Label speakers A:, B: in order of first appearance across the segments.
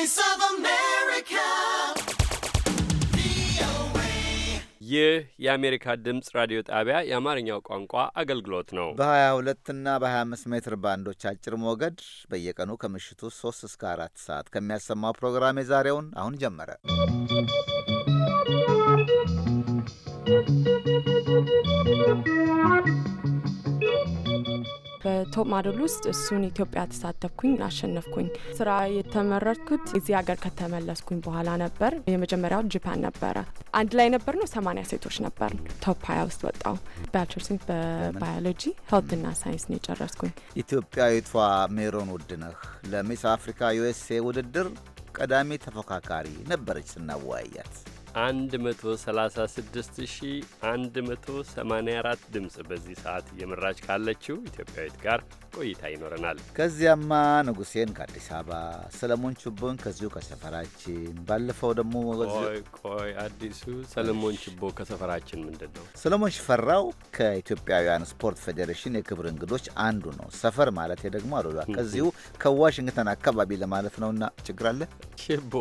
A: Voice of America.
B: ይህ የአሜሪካ ድምፅ ራዲዮ ጣቢያ የአማርኛው ቋንቋ አገልግሎት ነው።
C: በ22 እና በ25 ሜትር ባንዶች አጭር ሞገድ በየቀኑ ከምሽቱ 3 እስከ 4 ሰዓት ከሚያሰማው ፕሮግራም የዛሬውን አሁን ጀመረ።
A: ¶¶
D: በቶፕ ማዶል ውስጥ እሱን ኢትዮጵያ ተሳተፍኩኝ፣ አሸነፍኩኝ። ስራ የተመረጥኩት እዚህ ሀገር ከተመለስኩኝ በኋላ ነበር። የመጀመሪያው ጃፓን ነበረ። አንድ ላይ ነበር ነው ሰማኒያ ሴቶች ነበር። ቶፕ ሀያ ውስጥ ወጣው። ባችለርስ በባዮሎጂ ሄልትና ሳይንስ ነው የጨረስኩኝ።
C: ኢትዮጵያዊቷ ሜሮን ውድነህ ለሚስ አፍሪካ ዩኤስኤ ውድድር ቀዳሚ ተፎካካሪ ነበረች ስናወያያት
B: 136184 ድምፅ በዚህ ሰዓት እየመራች ካለችው ኢትዮጵያዊት ጋር ቆይታ ይኖረናል።
C: ከዚያማ ንጉሴን ከአዲስ አበባ፣ ሰለሞን ችቦን ከዚሁ ከሰፈራችን፣ ባለፈው ደግሞ
B: ቆይ አዲሱ ሰለሞን ችቦ
C: ከሰፈራችን ምንድን ነው? ሰለሞን ሽፈራው ከኢትዮጵያውያን ስፖርት ፌዴሬሽን የክብር እንግዶች አንዱ ነው። ሰፈር ማለት ደግሞ አሉላ ከዚሁ ከዋሽንግተን አካባቢ ለማለት ነውና ችግር አለ ችቦ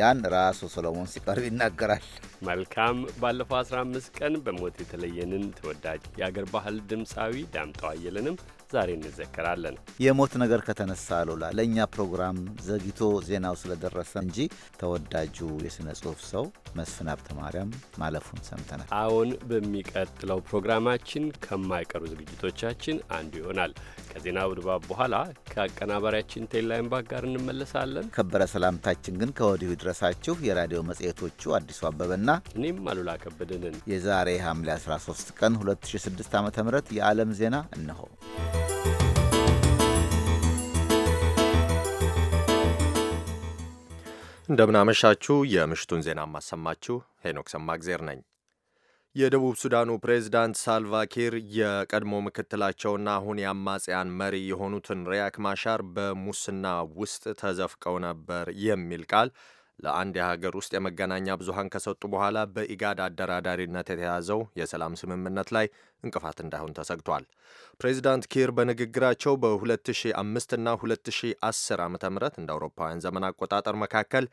C: ያን ራሱ ሰለሞን ሲቀርብ ይናገራል። መልካም
B: ባለፈው 15 ቀን በሞት የተለየንን ተወዳጅ የአገር ባህል ድምፃዊ ዳምጠው አየለንም ዛሬ እንዘከራለን።
C: የሞት ነገር ከተነሳ አሉላ ለእኛ ፕሮግራም ዘግይቶ ዜናው ስለደረሰ እንጂ ተወዳጁ የሥነ ጽሑፍ ሰው መስፍን ሀብተ ማርያም ማለፉን ሰምተናል።
B: አሁን በሚቀጥለው ፕሮግራማችን ከማይቀሩ ዝግጅቶቻችን አንዱ ይሆናል። ከዜና ውድባብ በኋላ ከአቀናባሪያችን ቴላይምባ ጋር እንመለሳለን።
C: ከበረ ሰላምታችን ግን ከወዲሁ ድረሳችሁ የራዲዮ መጽሔቶቹ አዲሱ አበበና እኔም አሉላ ከበደንን የዛሬ ሐምሌ 13 ቀን 2006 ዓ ም የዓለም ዜና እነሆ።
E: እንደምናመሻችሁ። የምሽቱን ዜና ማሰማችሁ። ሄኖክ ሰማግዜር ነኝ። የደቡብ ሱዳኑ ፕሬዝዳንት ሳልቫኪር የቀድሞ ምክትላቸውና አሁን የአማጽያን መሪ የሆኑትን ሪያክ ማሻር በሙስና ውስጥ ተዘፍቀው ነበር የሚል ቃል ለአንድ የሀገር ውስጥ የመገናኛ ብዙሃን ከሰጡ በኋላ በኢጋድ አደራዳሪነት የተያዘው የሰላም ስምምነት ላይ እንቅፋት እንዳይሆን ተሰግቷል። ፕሬዚዳንት ኪር በንግግራቸው በ2005 እና 2010 ዓ ም እንደ አውሮፓውያን ዘመን አቆጣጠር መካከል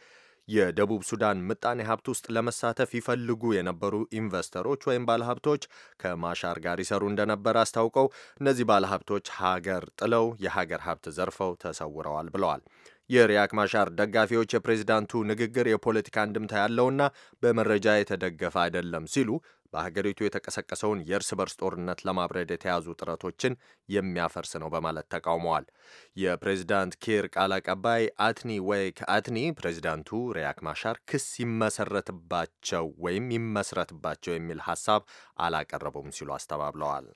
E: የደቡብ ሱዳን ምጣኔ ሀብት ውስጥ ለመሳተፍ ይፈልጉ የነበሩ ኢንቨስተሮች ወይም ባለሀብቶች ከማሻር ጋር ይሰሩ እንደነበር አስታውቀው እነዚህ ባለሀብቶች ሀገር ጥለው የሀገር ሀብት ዘርፈው ተሰውረዋል ብለዋል። የሪያክ ማሻር ደጋፊዎች የፕሬዚዳንቱ ንግግር የፖለቲካ አንድምታ ያለውና በመረጃ የተደገፈ አይደለም ሲሉ በሀገሪቱ የተቀሰቀሰውን የእርስ በርስ ጦርነት ለማብረድ የተያዙ ጥረቶችን የሚያፈርስ ነው በማለት ተቃውመዋል። የፕሬዚዳንት ኪር ቃል አቀባይ አትኒ ወይክ አትኒ ፕሬዚዳንቱ ሪያክ ማሻር ክስ ይመሰረትባቸው ወይም ይመስረትባቸው የሚል ሀሳብ አላቀረቡም ሲሉ አስተባብለዋል።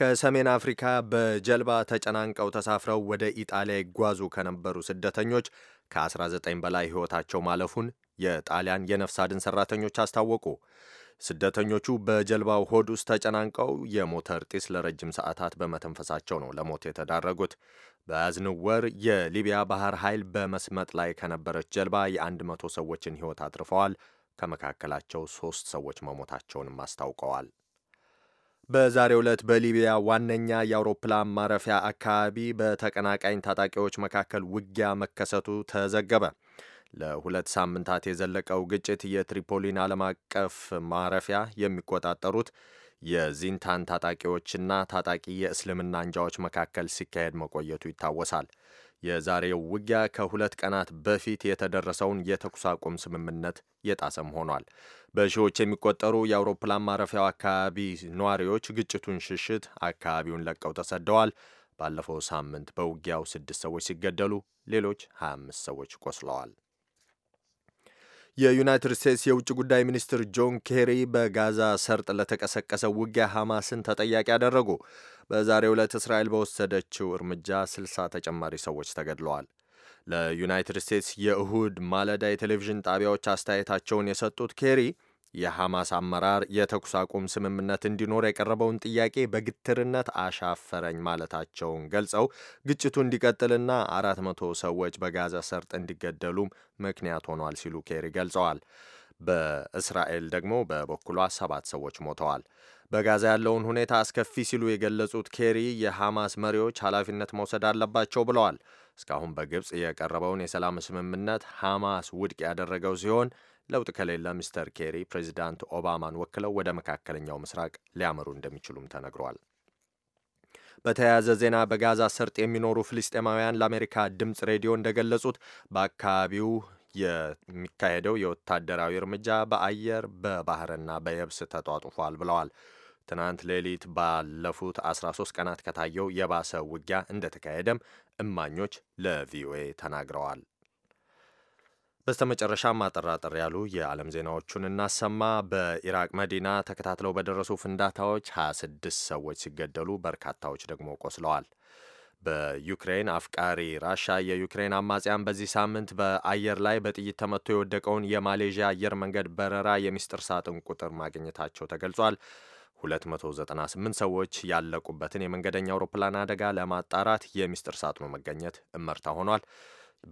E: ከሰሜን አፍሪካ በጀልባ ተጨናንቀው ተሳፍረው ወደ ኢጣሊያ ይጓዙ ከነበሩ ስደተኞች ከ19 በላይ ሕይወታቸው ማለፉን የጣሊያን የነፍስ አድን ሰራተኞች አስታወቁ። ስደተኞቹ በጀልባው ሆድ ውስጥ ተጨናንቀው የሞተር ጢስ ለረጅም ሰዓታት በመተንፈሳቸው ነው ለሞት የተዳረጉት። በያዝነው ወር የሊቢያ ባህር ኃይል በመስመጥ ላይ ከነበረች ጀልባ የአንድ መቶ ሰዎችን ሕይወት አትርፈዋል። ከመካከላቸው ሦስት ሰዎች መሞታቸውንም አስታውቀዋል። በዛሬ ዕለት በሊቢያ ዋነኛ የአውሮፕላን ማረፊያ አካባቢ በተቀናቃኝ ታጣቂዎች መካከል ውጊያ መከሰቱ ተዘገበ። ለሁለት ሳምንታት የዘለቀው ግጭት የትሪፖሊን ዓለም አቀፍ ማረፊያ የሚቆጣጠሩት የዚንታን ታጣቂዎችና ታጣቂ የእስልምና አንጃዎች መካከል ሲካሄድ መቆየቱ ይታወሳል። የዛሬው ውጊያ ከሁለት ቀናት በፊት የተደረሰውን የተኩስ አቁም ስምምነት የጣሰም ሆኗል። በሺዎች የሚቆጠሩ የአውሮፕላን ማረፊያው አካባቢ ነዋሪዎች ግጭቱን ሽሽት አካባቢውን ለቀው ተሰደዋል። ባለፈው ሳምንት በውጊያው ስድስት ሰዎች ሲገደሉ ሌሎች 25 ሰዎች ቆስለዋል። የዩናይትድ ስቴትስ የውጭ ጉዳይ ሚኒስትር ጆን ኬሪ በጋዛ ሰርጥ ለተቀሰቀሰ ውጊያ ሐማስን ተጠያቂ አደረጉ። በዛሬው ዕለት እስራኤል በወሰደችው እርምጃ ስልሳ ተጨማሪ ሰዎች ተገድለዋል። ለዩናይትድ ስቴትስ የእሁድ ማለዳ የቴሌቪዥን ጣቢያዎች አስተያየታቸውን የሰጡት ኬሪ የሐማስ አመራር የተኩስ አቁም ስምምነት እንዲኖር የቀረበውን ጥያቄ በግትርነት አሻፈረኝ ማለታቸውን ገልጸው ግጭቱ እንዲቀጥልና አራት መቶ ሰዎች በጋዛ ሰርጥ እንዲገደሉም ምክንያት ሆኗል ሲሉ ኬሪ ገልጸዋል። በእስራኤል ደግሞ በበኩሏ ሰባት ሰዎች ሞተዋል። በጋዛ ያለውን ሁኔታ አስከፊ ሲሉ የገለጹት ኬሪ የሐማስ መሪዎች ኃላፊነት መውሰድ አለባቸው ብለዋል። እስካሁን በግብፅ የቀረበውን የሰላም ስምምነት ሐማስ ውድቅ ያደረገው ሲሆን ለውጥ ከሌለ ሚስተር ኬሪ ፕሬዚዳንት ኦባማን ወክለው ወደ መካከለኛው ምስራቅ ሊያመሩ እንደሚችሉም ተነግሯል። በተያያዘ ዜና በጋዛ ሰርጥ የሚኖሩ ፍልስጤማውያን ለአሜሪካ ድምፅ ሬዲዮ እንደገለጹት በአካባቢው የሚካሄደው የወታደራዊ እርምጃ በአየር በባህርና በየብስ ተጧጡፏል ብለዋል። ትናንት ሌሊት ባለፉት 13 ቀናት ከታየው የባሰ ውጊያ እንደተካሄደም እማኞች ለቪኦኤ ተናግረዋል። መጨረሻ ማጠራጠር ያሉ የዓለም ዜናዎቹን እናሰማ። በኢራቅ መዲና ተከታትለው በደረሱ ፍንዳታዎች 26 ሰዎች ሲገደሉ በርካታዎች ደግሞ ቆስለዋል። በዩክሬን አፍቃሪ ራሻ የዩክሬን አማጽያን በዚህ ሳምንት በአየር ላይ በጥይት ተመቶ የወደቀውን የማሌዥያ አየር መንገድ በረራ የሚስጥር ሳጥን ቁጥር ማግኘታቸው ተገልጿል። 298 ሰዎች ያለቁበትን የመንገደኛ አውሮፕላን አደጋ ለማጣራት የሚስጥር ሳጥኑ መገኘት እመርታ ሆኗል።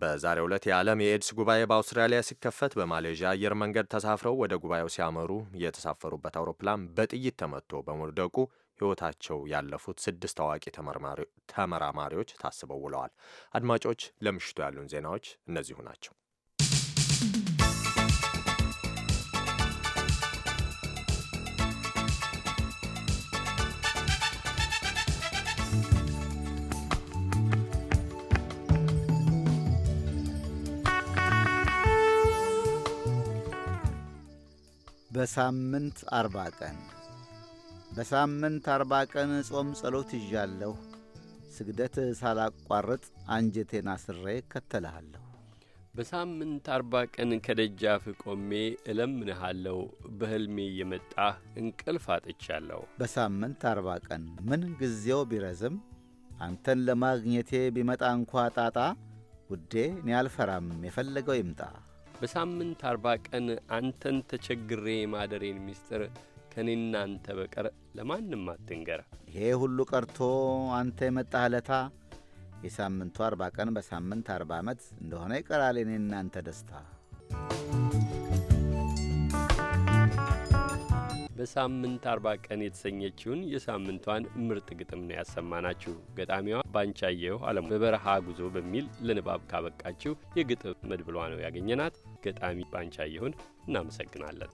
E: በዛሬው ዕለት የዓለም የኤድስ ጉባኤ በአውስትራሊያ ሲከፈት በማሌዥያ አየር መንገድ ተሳፍረው ወደ ጉባኤው ሲያመሩ የተሳፈሩበት አውሮፕላን በጥይት ተመቶ በመውደቁ ሕይወታቸው ያለፉት ስድስት ታዋቂ ተመራማሪዎች ታስበው ውለዋል። አድማጮች፣ ለምሽቱ ያሉን ዜናዎች እነዚሁ ናቸው።
C: በሳምንት አርባ ቀን በሳምንት አርባ ቀን ጾም ጸሎት ይዣለሁ። ስግደት ሳላቋርጥ አንጀቴን አስሬ እከተልሃለሁ።
B: በሳምንት አርባ ቀን ከደጃፍ ቆሜ እለምንሃለሁ። በሕልሜ የመጣህ እንቅልፍ አጥቻለሁ።
C: በሳምንት አርባ ቀን ምን ጊዜው ቢረዝም አንተን ለማግኘቴ ቢመጣ እንኳ ጣጣ ውዴ እኔ አልፈራም፣ የፈለገው ይምጣ።
B: በሳምንት አርባ ቀን አንተን ተቸግሬ የማደሬን ሚስጥር ከኔና አንተ በቀር ለማንም አትንገር።
C: ይሄ ሁሉ ቀርቶ አንተ የመጣህ ዕለታ የሳምንቱ አርባ ቀን በሳምንት አርባ ዓመት እንደሆነ ይቀራል የኔና አንተ ደስታ
B: በሳምንት አርባ ቀን የተሰኘችውን የሳምንቷን ምርጥ ግጥም ነው ያሰማናችሁ። ገጣሚዋ ባንቻየሁ አለሙ በበረሃ ጉዞ በሚል ለንባብ ካበቃችው የግጥም መድብሏ ነው ያገኘናት። ገጣሚ ባንቻየሁን እናመሰግናለን።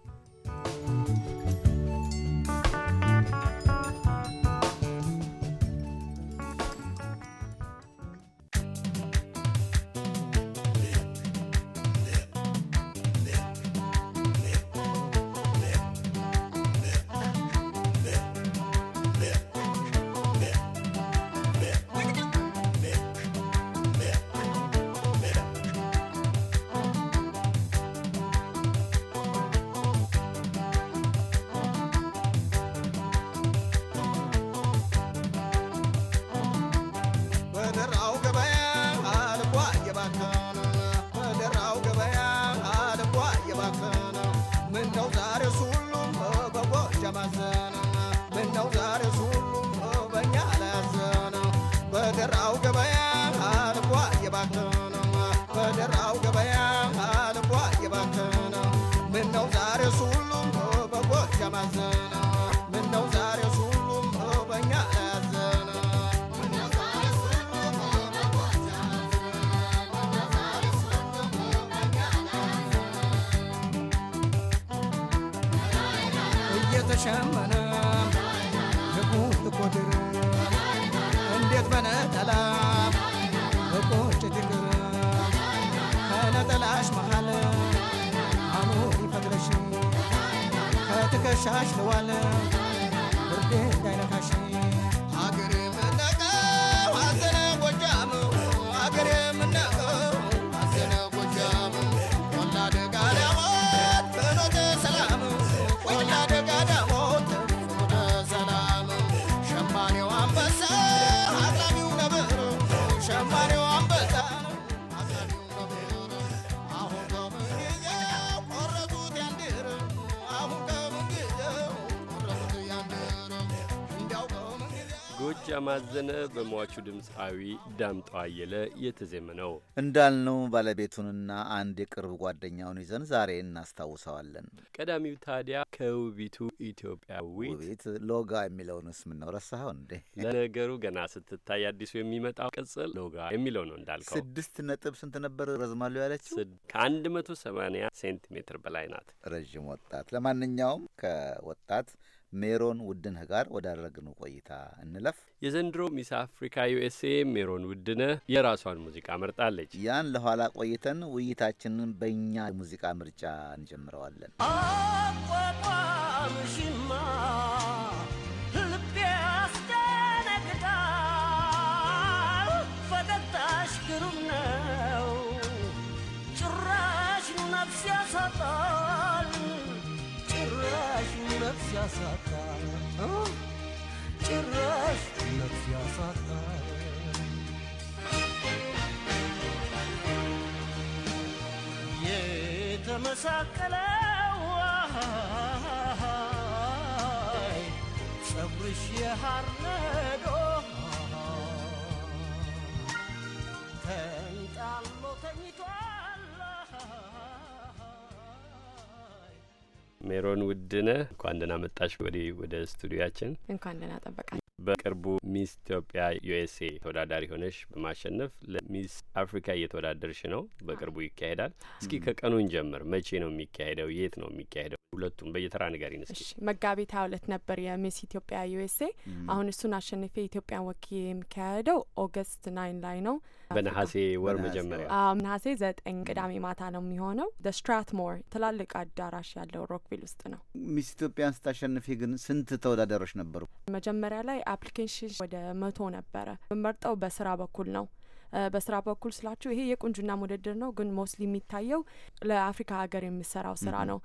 B: ያማዘነ በሟቹ ድምፃዊ ዳምጠ አየለ የተዜመ ነው።
C: እንዳልነው ባለቤቱንና አንድ የቅርብ ጓደኛውን ይዘን ዛሬ እናስታውሰዋለን። ቀዳሚው ታዲያ ከውቢቱ ኢትዮጵያዊት ሎጋ የሚለውን ስም ነው። ረሳኸው እንዴ? ለነገሩ
B: ገና ስትታይ አዲሱ የሚመጣው ቅጽል ሎጋ የሚለው ነው። እንዳልከው
C: ስድስት ነጥብ ስንት ነበር ረዝማሉ ያለችው?
B: ከአንድ መቶ ሰማኒያ ሴንቲሜትር በላይ ናት።
C: ረዥም ወጣት። ለማንኛውም ከወጣት ሜሮን ውድነህ ጋር ወዳደረግነው ቆይታ እንለፍ።
B: የዘንድሮ ሚስ አፍሪካ ዩኤስኤ ሜሮን ውድነህ የራሷን ሙዚቃ መርጣለች።
C: ያን ለኋላ ቆይተን ውይይታችንን በእኛ ሙዚቃ ምርጫ እንጀምረዋለን።
A: አቋቋምሽማ ልቤ ጭራሽ ነፍስ ያሳጣል። ነፍስ ያሳጣ ጭራሽ ነፍስ ያሳጣ የተመሳቀለው ጸጉርሽ የሐር ነዶ ተንጣሎ ተኝቶ
B: ሜሮን ውድነ እንኳን ደህና መጣሽ ወደ ወደ ስቱዲያችን። እንኳን ደህና ጠበቃል። በቅርቡ ሚስ ኢትዮጵያ ዩኤስኤ ተወዳዳሪ ሆነሽ በማሸነፍ ለሚስ አፍሪካ እየተወዳደርሽ ነው። በቅርቡ ይካሄዳል። እስኪ ከቀኑን ጀምር። መቼ ነው የሚካሄደው? የት ነው የሚካሄደው? ሁለቱም በየተራ ነገር ይነስ።
D: መጋቢት ሀያ ሁለት ነበር የሚስ ኢትዮጵያ ዩኤስኤ። አሁን እሱን አሸንፌ ኢትዮጵያን ወኪ የሚካሄደው ኦገስት ናይን ላይ ነው።
B: በነሐሴ ወር መጀመሪያ
D: ነሐሴ ዘጠኝ ቅዳሜ ማታ ነው የሚሆነው። ስትራትሞር ትላልቅ አዳራሽ ያለው ሮክቪል ውስጥ ነው።
C: ሚስ ኢትዮጵያን ስታሸንፊ ግን ስንት ተወዳዳሪዎች ነበሩ?
D: መጀመሪያ ላይ አፕሊኬሽን ወደ መቶ ነበረ። የምመርጠው በስራ በኩል ነው በስራ በኩል ስላችሁ ይሄ የቁንጅና ውድድር ነው፣ ግን ሞስሊ የሚታየው ለአፍሪካ ሀገር የምሰራው ስራ ነው።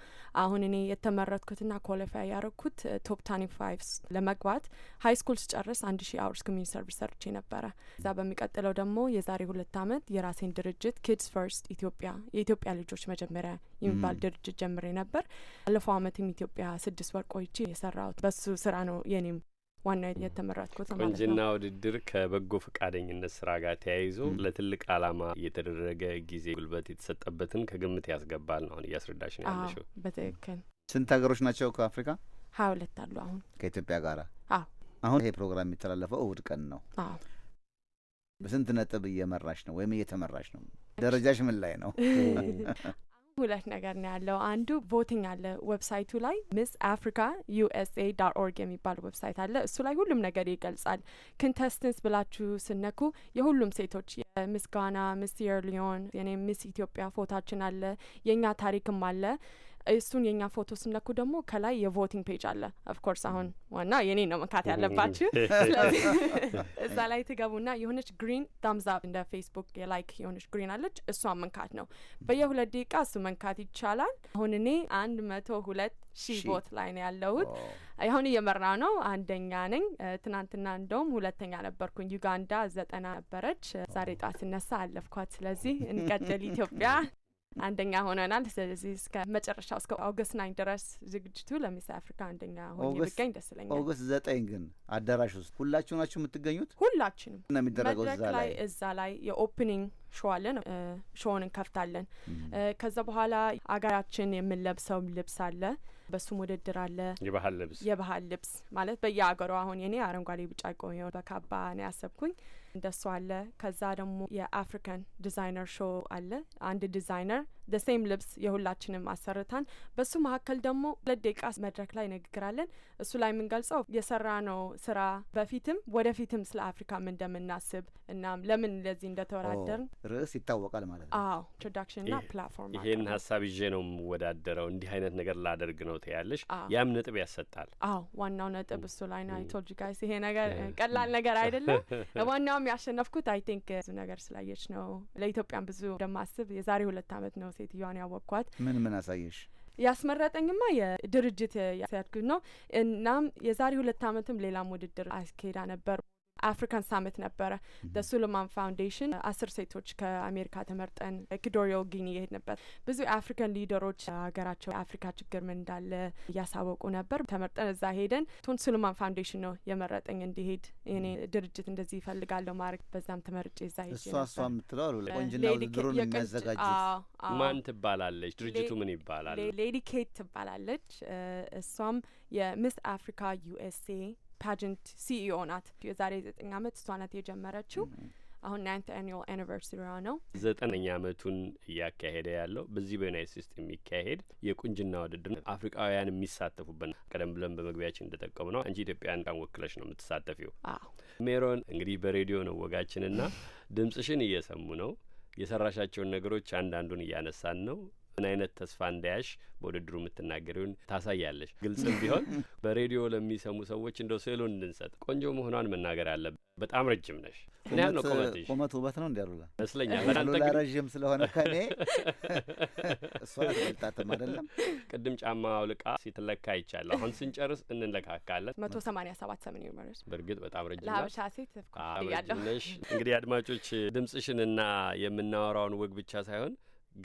D: አሁን እኔ የተመረጥኩትና ኳሊፋይ ያደረግኩት ቶፕ ታኒ ፋይቭስ ለመግባት ሀይ ስኩል ስጨርስ አንድ ሺ አውርስ ኮሚኒ ሰርቪስ ሰርቼ ነበረ። እዛ በሚቀጥለው ደግሞ የዛሬ ሁለት አመት የራሴን ድርጅት ኪድስ ፈርስት ኢትዮጵያ የኢትዮጵያ ልጆች መጀመሪያ የሚባል ድርጅት ጀምሬ ነበር። አለፈው አመትም ኢትዮጵያ ስድስት ወር ቆይቼ የሰራሁት በሱ ስራ ነው የኔም ዋና የተመረጥኩት ማለት ነው። ቆንጅና
B: ውድድር ከበጎ ፈቃደኝነት ስራ ጋር ተያይዞ ለትልቅ አላማ የተደረገ ጊዜ፣ ጉልበት የተሰጠበትን
C: ከግምት ያስገባል ነው አሁን እያስረዳሽ
B: ነው
D: ያለሽው። በትክክል
C: ስንት ሀገሮች ናቸው ከአፍሪካ?
D: ሀያ ሁለት አሉ አሁን
C: ከኢትዮጵያ ጋር። አሁን ይሄ ፕሮግራም የሚተላለፈው እሁድ ቀን ነው። በስንት ነጥብ እየመራሽ ነው ወይም እየተመራሽ ነው? ደረጃሽ ምን ላይ ነው?
D: ሁለት ነገር ነው ያለው። አንዱ ቮቲንግ አለ ዌብሳይቱ ላይ ሚስ አፍሪካ ዩኤስኤ ዳር ኦርግ የሚባል ዌብሳይት አለ። እሱ ላይ ሁሉም ነገር ይገልጻል። ኮንቴስትንስ ብላችሁ ስነኩ የሁሉም ሴቶች የሚስ ጋና፣ ሚስ ሲየርሊዮን፣ የኔ ሚስ ኢትዮጵያ ፎታችን አለ። የእኛ ታሪክም አለ። እሱን የእኛ ፎቶ ስነኩ ደግሞ ከላይ የቮቲንግ ፔጅ አለ። ኦፍኮርስ አሁን ዋና የኔ ነው መካት ያለባችሁ። እዛ ላይ ትገቡና የሆነች ግሪን ዳምዛብ እንደ ፌስቡክ የላይክ የሆነች ግሪን አለች። እሷ መንካት ነው። በየሁለት ደቂቃ እሱ መንካት ይቻላል። አሁን እኔ አንድ መቶ ሁለት ሺህ ቦት ላይ ነው ያለሁት። አሁን እየመራ ነው። አንደኛ ነኝ። ትናንትና እንደውም ሁለተኛ ነበርኩኝ። ዩጋንዳ ዘጠና ነበረች። ዛሬ ጧት ስነሳ አለፍኳት። ስለዚህ እንቀጥል ኢትዮጵያ። አንደኛ ሆነናል። ስለዚህ እስከ መጨረሻው እስከ ኦገስት ናይን ድረስ ዝግጅቱ ለሚስ አፍሪካ አንደኛ ሆኜ ብገኝ ደስ ይለኛል። ኦገስት
C: ዘጠኝ ግን አዳራሽ ውስጥ ሁላችሁ ናችሁ የምትገኙት? ሁላችንም ነው የሚደረገው እዛ ላይ
D: እዛ ላይ የኦፕኒንግ ሾዋለን ሾውን እንከፍታለን። ከዛ በኋላ አገራችን የምንለብሰው ልብስ አለ፣ በሱም ውድድር አለ። የባህል ልብስ የባህል ልብስ ማለት በየአገሩ አሁን የኔ አረንጓዴ፣ ቢጫ ቆሚ በካባ ነው ያሰብኩኝ እንደሱ አለ። ከዛ ደግሞ የአፍሪካን ዲዛይነር ሾው አለ። አንድ ዲዛይነር ደሴም ልብስ የሁላችንም አሰርታን በሱ መካከል ደግሞ ሁለት ደቂቃ መድረክ ላይ ንግግራለን። እሱ ላይ የምንገልጸው የሰራ ነው ስራ በፊትም ወደፊትም ስለ አፍሪካም እንደምናስብ እናም ለምን ለዚህ እንደተወዳደርን
C: ርዕስ ይታወቃል ማለት
D: ነው። አዎ ኢንትሮዳክሽን ና ፕላትፎርም። ይሄን
B: ሀሳብ ይዤ ነው የምወዳደረው እንዲህ አይነት ነገር ላደርግ ነው ትያለሽ። ያም ነጥብ ያሰጣል።
D: አዎ ዋናው ነጥብ እሱ ላይ ነው። አይቶልጅ ጋይስ ይሄ ነገር ቀላል ነገር አይደለም። ዋናውም ያሸነፍኩት አይ ቲንክ ብዙ ነገር ስላየች ነው። ለኢትዮጵያም ብዙ እንደማስብ የዛሬ ሁለት አመት ነው ሴትዮዋን ያወቅኳት።
C: ምን ምን አሳየሽ?
D: ያስመረጠኝማ የድርጅት ያስያድግ ነው። እናም የዛሬ ሁለት አመትም ሌላም ውድድር አስኬዳ ነበር አፍሪካን ሳምት ነበረ ደ ሱሎማን ፋውንዴሽን አስር ሴቶች ከአሜሪካ ተመርጠን ኢኳቶሪያል ጊኒ ነበር ብዙ የአፍሪካን ሊደሮች ሀገራቸው የአፍሪካ ችግር ምን እንዳለ እያሳወቁ ነበር። ተመርጠን እዛ ሄደን ቶን ሱሎማን ፋውንዴሽን ነው የመረጠኝ እንዲሄድ እኔ ድርጅት እንደዚህ ይፈልጋለሁ ማድረግ በዛም ተመርጬ እዛ ሄ እሷ እሷ የምትለው አሉ ቆንጅና ውድድሩን የሚያዘጋጁት ማን
B: ትባላለች? ድርጅቱ ምን ይባላል?
D: ሌዲ ኬት ትባላለች። እሷም የሚስ አፍሪካ ዩኤስኤ ፓጀንት ሲኢኦ e ናት። የዛሬ ዘጠኝ አመት እሷ ናት የጀመረችው። አሁን ናይንት አኑዋል አኒቨርሰሪዋ ነው።
B: ዘጠነኛ አመቱን እያካሄደ ያለው በዚህ በዩናይት ስቴትስ የሚካሄድ የቁንጅና ውድድር አፍሪካውያን የሚሳተፉበት ቀደም ብለን በመግቢያችን እንደጠቀሙ ነው። አንቺ ኢትዮጵያን ቃን ወክለሽ ነው የምትሳተፊው። ሜሮን እንግዲህ በሬዲዮ ነው ወጋችንና ድምጽሽን እየሰሙ ነው የሰራሻቸውን ነገሮች አንዳንዱን እያነሳን ነው። ምን አይነት ተስፋ እንዳያሽ በውድድሩ የምትናገሪውን ታሳያለሽ። ግልጽም ቢሆን በሬዲዮ ለሚሰሙ ሰዎች እንደው ስዕሉን እንድንሰጥ ቆንጆ መሆኗን መናገር አለብን። በጣም ረጅም ነሽ። ምን ያህል ነው ቁመትሽ?
C: ቁመት ውበት ነው እንዲያሉላ መስለኛል። ሉላ ረዥም ስለሆነ ከኔ እሷ ልጣትም አይደለም።
B: ቅድም ጫማ አውልቃ ሲትለካ ይቻለ። አሁን ስንጨርስ እንለካካለን። መቶ
D: ሰማኒያ ሰባት ሰምን ዩመርስ
B: በእርግጥ በጣም ረጅም ለሀበሻ ሴት ያለሁ እንግዲህ አድማጮች ድምጽሽንና የምናወራውን ወግ ብቻ ሳይሆን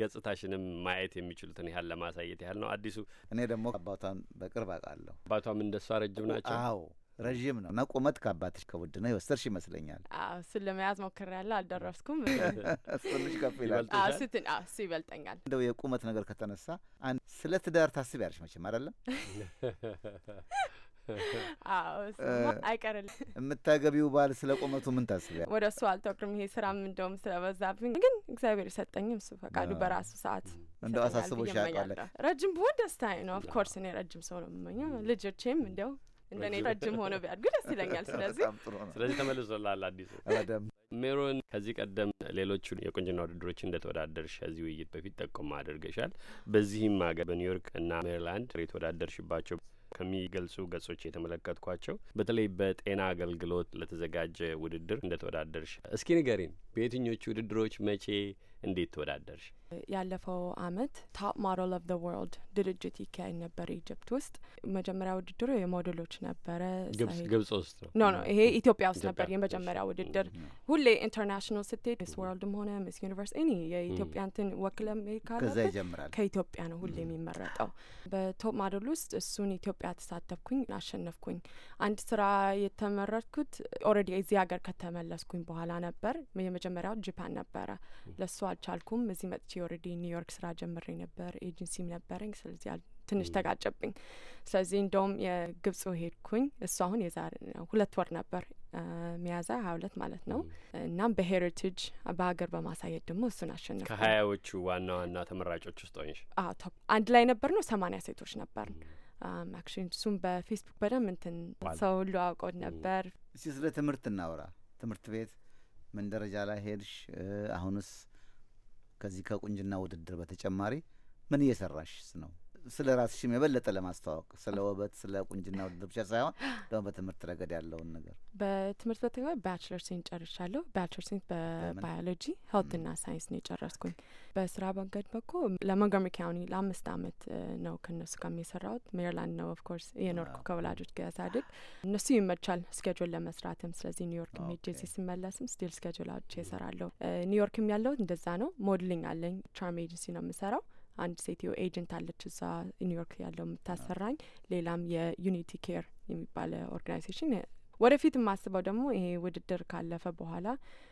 B: ገጽታሽንም ማየት የሚችሉትን ያህል ለማሳየት ያህል ነው። አዲሱ እኔ ደግሞ አባቷን በቅርብ አውቃለሁ። አባቷም እንደሷ ረጅም
C: ናቸው? አዎ ረዥም ነው እና ቁመት ከአባትሽ ከውድ ነው የወሰድሽ ይመስለኛል።
D: እሱን ለመያዝ ሞክሬያለሁ፣ አልደረስኩም። ትንሽ ከፍ ይላል፣ እሱ ይበልጠኛል።
C: እንደው የቁመት ነገር ከተነሳ አንድ ስለ ትዳር ታስቢያለሽ መቼም አይደለም? አይቀርል የምታገቢው ባል ስለ ቁመቱ ምን ታስቢያ?
D: ወደ እሱ አልተወቅርም። ይሄ ስራም እንደውም ስለበዛብኝ፣ ግን እግዚአብሔር የሰጠኝም እሱ ፈቃዱ በራሱ ሰዓት
C: እንደው አሳስቦሽ ያውቃል።
D: ረጅም ብሆን ደስታዬ ነው። ኦፍኮርስ እኔ ረጅም ሰው ነው የምመኘው። ልጆቼም እንደው እንደኔ ረጅም ሆነ ቢያድጉ ደስ ይለኛል። ስለዚህ
B: ስለዚህ ተመልሶላል አዲሱ ሜሮን ከዚህ ቀደም ሌሎቹ የቁንጅና ውድድሮች እንደ ተወዳደርሽ ከዚህ ውይይት በፊት ጠቆም አድርገሻል። በዚህም ሀገር በኒውዮርክ እና ሜሪላንድ የተወዳደርሽባቸው ከሚገልጹ ገጾች የተመለከትኳቸው በተለይ በጤና አገልግሎት ለተዘጋጀ ውድድር እንደ ተወዳደርሽ እስኪ ንገሪን። በየትኞቹ ውድድሮች መቼ እንዴት ተወዳደርሽ?
D: ያለፈው አመት ታፕ ሞዴል ኦፍ ዘ ወርልድ ድርጅት ይካሄድ ነበር ኢጅፕት ውስጥ። መጀመሪያ ውድድሩ የሞዴሎች ነበረ። ግብጽ ውስጥ ኖ ኖ ይሄ ኢትዮጵያ ውስጥ ነበር የመጀመሪያ ውድድር። ሁሌ ኢንተርናሽናል ስትሄድ ሚስ ወርልድም ሆነ ሚስ ዩኒቨርስ እኔ የኢትዮጵያ እንትን ወክለ ካለ ከኢትዮጵያ ነው ሁሌ የሚመረጠው። በቶፕ ሞዴል ውስጥ እሱን ኢትዮጵያ ተሳተፍኩኝ፣ አሸነፍኩኝ። አንድ ስራ የተመረጥኩት ኦልሬዲ እዚህ ሀገር ከተመለስኩኝ በኋላ ነበር። የመጀመሪያው ጅፓን ነበረ። ለእሱ አልቻልኩም። እዚህ መጥቼ ኤጀንሲ ኦልሬዲ ኒውዮርክ ስራ ጀምሬ ነበር፣ ኤጀንሲም ነበረኝ። ስለዚህ ትንሽ ተጋጨብኝ። ስለዚህ እንደውም የግብጽ ሄድኩኝ። እሱ አሁን የዛሬ ሁለት ወር ነበር ሚያዝያ ሀያ ሁለት ማለት ነው። እናም በሄሪቴጅ በሀገር በማሳየት ደግሞ እሱን አሸነፍኩ።
B: ከሀያዎቹ ዋና ዋና ተመራጮች ውስጥ ሆኝሽ?
D: አንድ ላይ ነበር ነው ሰማኒያ ሴቶች ነበር አክሽን እሱም በፌስቡክ በደንብ እንትን ሰው ሁሉ አውቆት ነበር።
C: እስቲ ስለ ትምህርት እናውራ። ትምህርት ቤት ምን ደረጃ ላይ ሄድሽ? አሁንስ ከዚህ ከቁንጅና ውድድር በተጨማሪ ምን እየሰራሽ ነው? ስለ ራስሽም የበለጠ ለማስተዋወቅ ስለ ውበት፣ ስለ ቁንጅና ውድድር ብቻ ሳይሆን ደግሞ በትምህርት ረገድ ያለውን ነገር
D: በትምህርት በተግባር ባችለር ሴን ጨርሻለሁ። ባችለር ሴን በባዮሎጂ ሄልት ና ሳይንስ ነው የጨረስኩኝ። በስራ መንገድ በኮ ለሞንትጎመሪ ካውንቲ ለአምስት አመት ነው ከነሱ ጋር የሰራሁት። ሜሪላንድ ነው ኦፍኮርስ የኖርኩ ከወላጆች ጋር ሳድግ እነሱ ይመቻል ስኬጁል ለመስራትም። ስለዚህ ኒውዮርክ ሄጄ ስመለስም ስቲል ስኬጁል አውጥቼ እሰራለሁ። ኒውዮርክም ያለሁት እንደዛ ነው። ሞድሊንግ አለኝ። ቻርም ኤጀንሲ ነው የምሰራው አንድ ሴትዮ ኤጀንት አለች እዛ ኒውዮርክ ያለው የምታሰራኝ። ሌላም የዩኒቲ ኬር የሚባለ ኦርጋናይዜሽን ወደፊት የማስበው ደግሞ ይሄ ውድድር ካለፈ በኋላ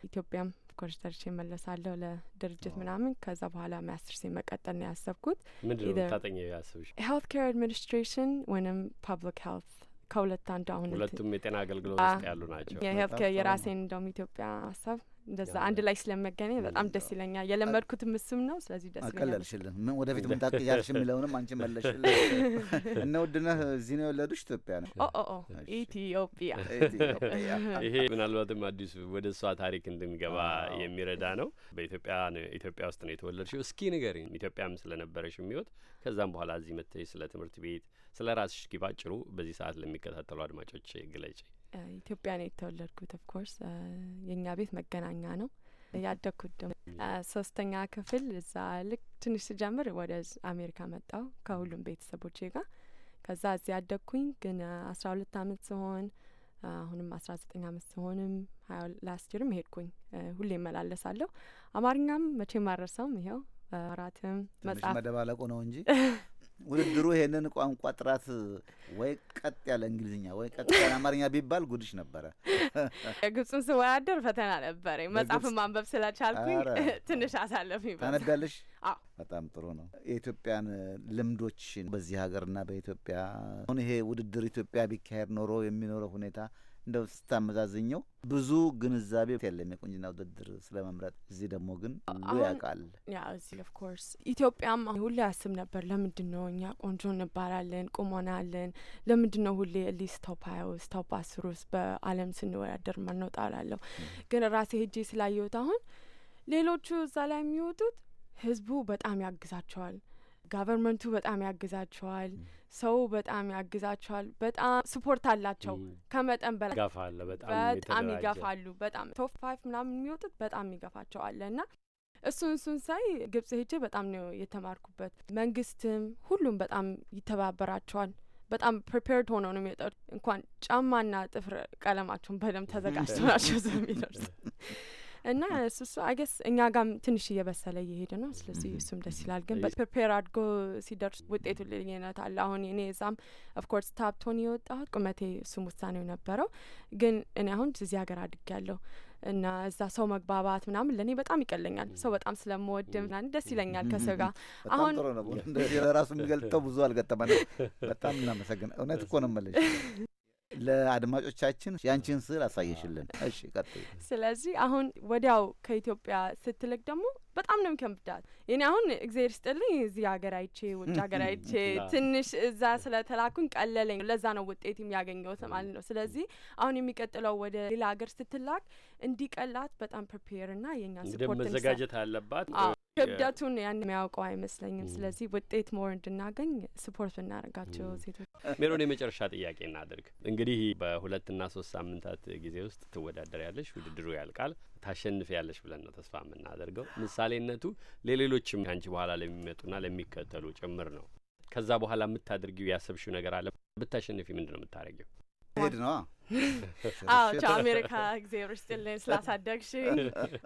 D: ኢትዮጵያም ኮርስ ደርሼ መለሳለሁ ለድርጅት ምናምን። ከዛ በኋላ ሴ መቀጠል ነው ያሰብኩት። ምንድነው ያስብሽ? ሄልት ኬር አድሚኒስትሬሽን ወይንም ፐብሊክ ሄልት ከሁለት አንዱ። አሁን ሁለቱም የጤና አገልግሎት ውስጥ ያሉ ናቸው። የሄልት ኬር የራሴን እንደውም ኢትዮጵያ ሀሳብ እንደዛ አንድ ላይ ስለመገናኝ በጣም ደስ ይለኛል። የለመድኩትም እሱም ነው። ስለዚህ ደስ ይለኛል። አቀለልሽልን
C: ምን ወደፊት ምን እያልሽ የሚለውንም አንቺ መለሽልን። እነ ውድነህ እዚህ ነው የወለዱሽ? ኢትዮጵያ
D: ነው። ኢትዮጵያ
B: ይሄ ምናልባትም አዲሱ ወደ እሷ ታሪክ እንድንገባ የሚረዳ ነው። በኢትዮጵያ ኢትዮጵያ ውስጥ ነው የተወለድሽው። እስኪ ንገሪኝ ኢትዮጵያም ስለነበረሽ የሚወት ከዛም በኋላ እዚህ መተሽ ስለ ትምህርት ቤት ስለ ራስሽ ጊ በዚህ ሰዓት ለሚከታተሉ አድማጮች ግለጭ።
D: ኢትዮጵያ ነው የተወለድኩት። ኦፍኮርስ የእኛ ቤት መገናኛ ነው ያደግኩት። ደግሞ ሶስተኛ ክፍል እዛ ልክ ትንሽ ስጀምር ወደ አሜሪካ መጣው ከሁሉም ቤተሰቦቼ ጋር። ከዛ እዚህ ያደግኩኝ ግን አስራ ሁለት አመት ሲሆን አሁንም አስራ ዘጠኝ አመት ሲሆንም ላስት ይርም ሄድኩኝ። ሁሌ እመላለሳለሁ። አማርኛም መቼ ማረሰውም ይኸው አራትም መጽሐፍ
C: መደባለቁ ነው እንጂ ውድድሩ ይሄንን ቋንቋ ጥራት ወይ ቀጥ ያለ እንግሊዝኛ ወይ ቀጥ ያለ አማርኛ ቢባል ጉድሽ ነበረ።
D: የግብፁን ስወዳደር ፈተና ነበረ። መጽሐፍ ማንበብ ስለቻልኩኝ ትንሽ አሳለፍ ታነቢያለሽ?
C: በጣም ጥሩ ነው። የኢትዮጵያን ልምዶች በዚህ ሀገርና በኢትዮጵያ አሁን ይሄ ውድድር ኢትዮጵያ ቢካሄድ ኖሮ የሚኖረው ሁኔታ እንደው ስታመዛዝኘው ብዙ ግንዛቤ የለም የቁንጅና ውድድር ስለመምረጥ። እዚህ ደግሞ ግን ሁሉ ያውቃል።
D: ያ እዚህ ኦፍኮርስ ኢትዮጵያም ሁሌ ያስብ ነበር። ለምንድን ነው እኛ ቆንጆ እንባላለን፣ ቁመና አለን፣ ለምንድን ነው ሁሌ ሊስ ቶፕ ሀያ ውስጥ ቶፕ አስር ውስጥ በዓለም ስንወዳደር ማንወጣ ላለሁ ግን ራሴ ሄጄ ስላየሁት አሁን ሌሎቹ እዛ ላይ የሚወጡት ህዝቡ በጣም ያግዛቸዋል፣ ጋቨርንመንቱ በጣም ያግዛቸዋል። ሰው በጣም ያግዛቸዋል። በጣም ስፖርት አላቸው ከመጠን በላይ በጣም ይገፋሉ። በጣም ቶፕ ፋይቭ ምናምን የሚወጡት በጣም ይገፋቸዋል እና እሱን እሱን ሳይ ግብጽ ሄጄ በጣም ነው የተማርኩበት። መንግስትም ሁሉም በጣም ይተባበራቸዋል። በጣም ፕሪፔርድ ሆነው ነው የሚወጣው። እንኳን ጫማና ጥፍር ቀለማቸውን በደንብ ተዘጋጅቶ ናቸው ዘሚደርስ እና እሱ እሱ አገስ እኛ ጋም ትንሽ እየበሰለ እየሄደ ነው። ስለዚህ እሱም ደስ ይላል። ግን በፕሪፔር አድጎ ሲደርስ ውጤቱ ልዩነት አለ። አሁን እኔ እዛም ኦፍኮርስ ታብቶን የወጣሁት ቁመቴ እሱም ውሳኔው ነበረው። ግን እኔ አሁን እዚህ ሀገር አድግ ያለሁ እና እዛ ሰው መግባባት ምናምን ለእኔ በጣም ይቀለኛል። ሰው በጣም ስለምወድም ምናምን ደስ ይለኛል ከሰው ጋር አሁን ጥሩ ነው።
C: እንደዚህ ለራሱ የሚገልጠው ብዙ አልገጠመንም። በጣም እናመሰግን። እውነት እኮ ነው የምልሽ ለአድማጮቻችን ያንቺን ስዕል አሳየሽልን። እሺ ቀጥ።
D: ስለዚህ አሁን ወዲያው ከኢትዮጵያ ስትልቅ ደግሞ በጣም ነው ከብዳት። የኔ አሁን እግዜር ስጥልኝ እዚህ ሀገር አይቼ ውጭ ሀገር አይቼ ትንሽ እዛ ስለተላኩኝ ቀለለኝ። ለዛ ነው ውጤት የሚያገኘውት ማለት ነው። ስለዚህ አሁን የሚቀጥለው ወደ ሌላ ሀገር ስትላክ እንዲቀላት በጣም ፕሪፔር ና የእኛ ስፖርት መዘጋጀት አለባት። ክብደቱን ያን የሚያውቀው አይመስለኝም። ስለዚህ ውጤት ሞር እንድናገኝ ስፖርት ብናደርጋቸው ሴቶች።
B: ሜሮን የመጨረሻ ጥያቄ እናድርግ። እንግዲህ በሁለትና ሶስት ሳምንታት ጊዜ ውስጥ ትወዳደር ያለሽ ውድድሩ ያልቃል። ታሸንፍ ያለሽ ብለን ነው ተስፋ የምናደርገው። ምሳሌነቱ ለሌሎችም ከአንቺ በኋላ ለሚመጡና ለሚከተሉ ጭምር ነው። ከዛ በኋላ የምታደርጊው ያሰብሽው ነገር አለ። ብታሸንፊ ምንድን ነው የምታደርጊው? ሄድ ነው አዎ ቻው አሜሪካ
D: እግዚአብሔር ይስጥልኝ ስላሳደግሽ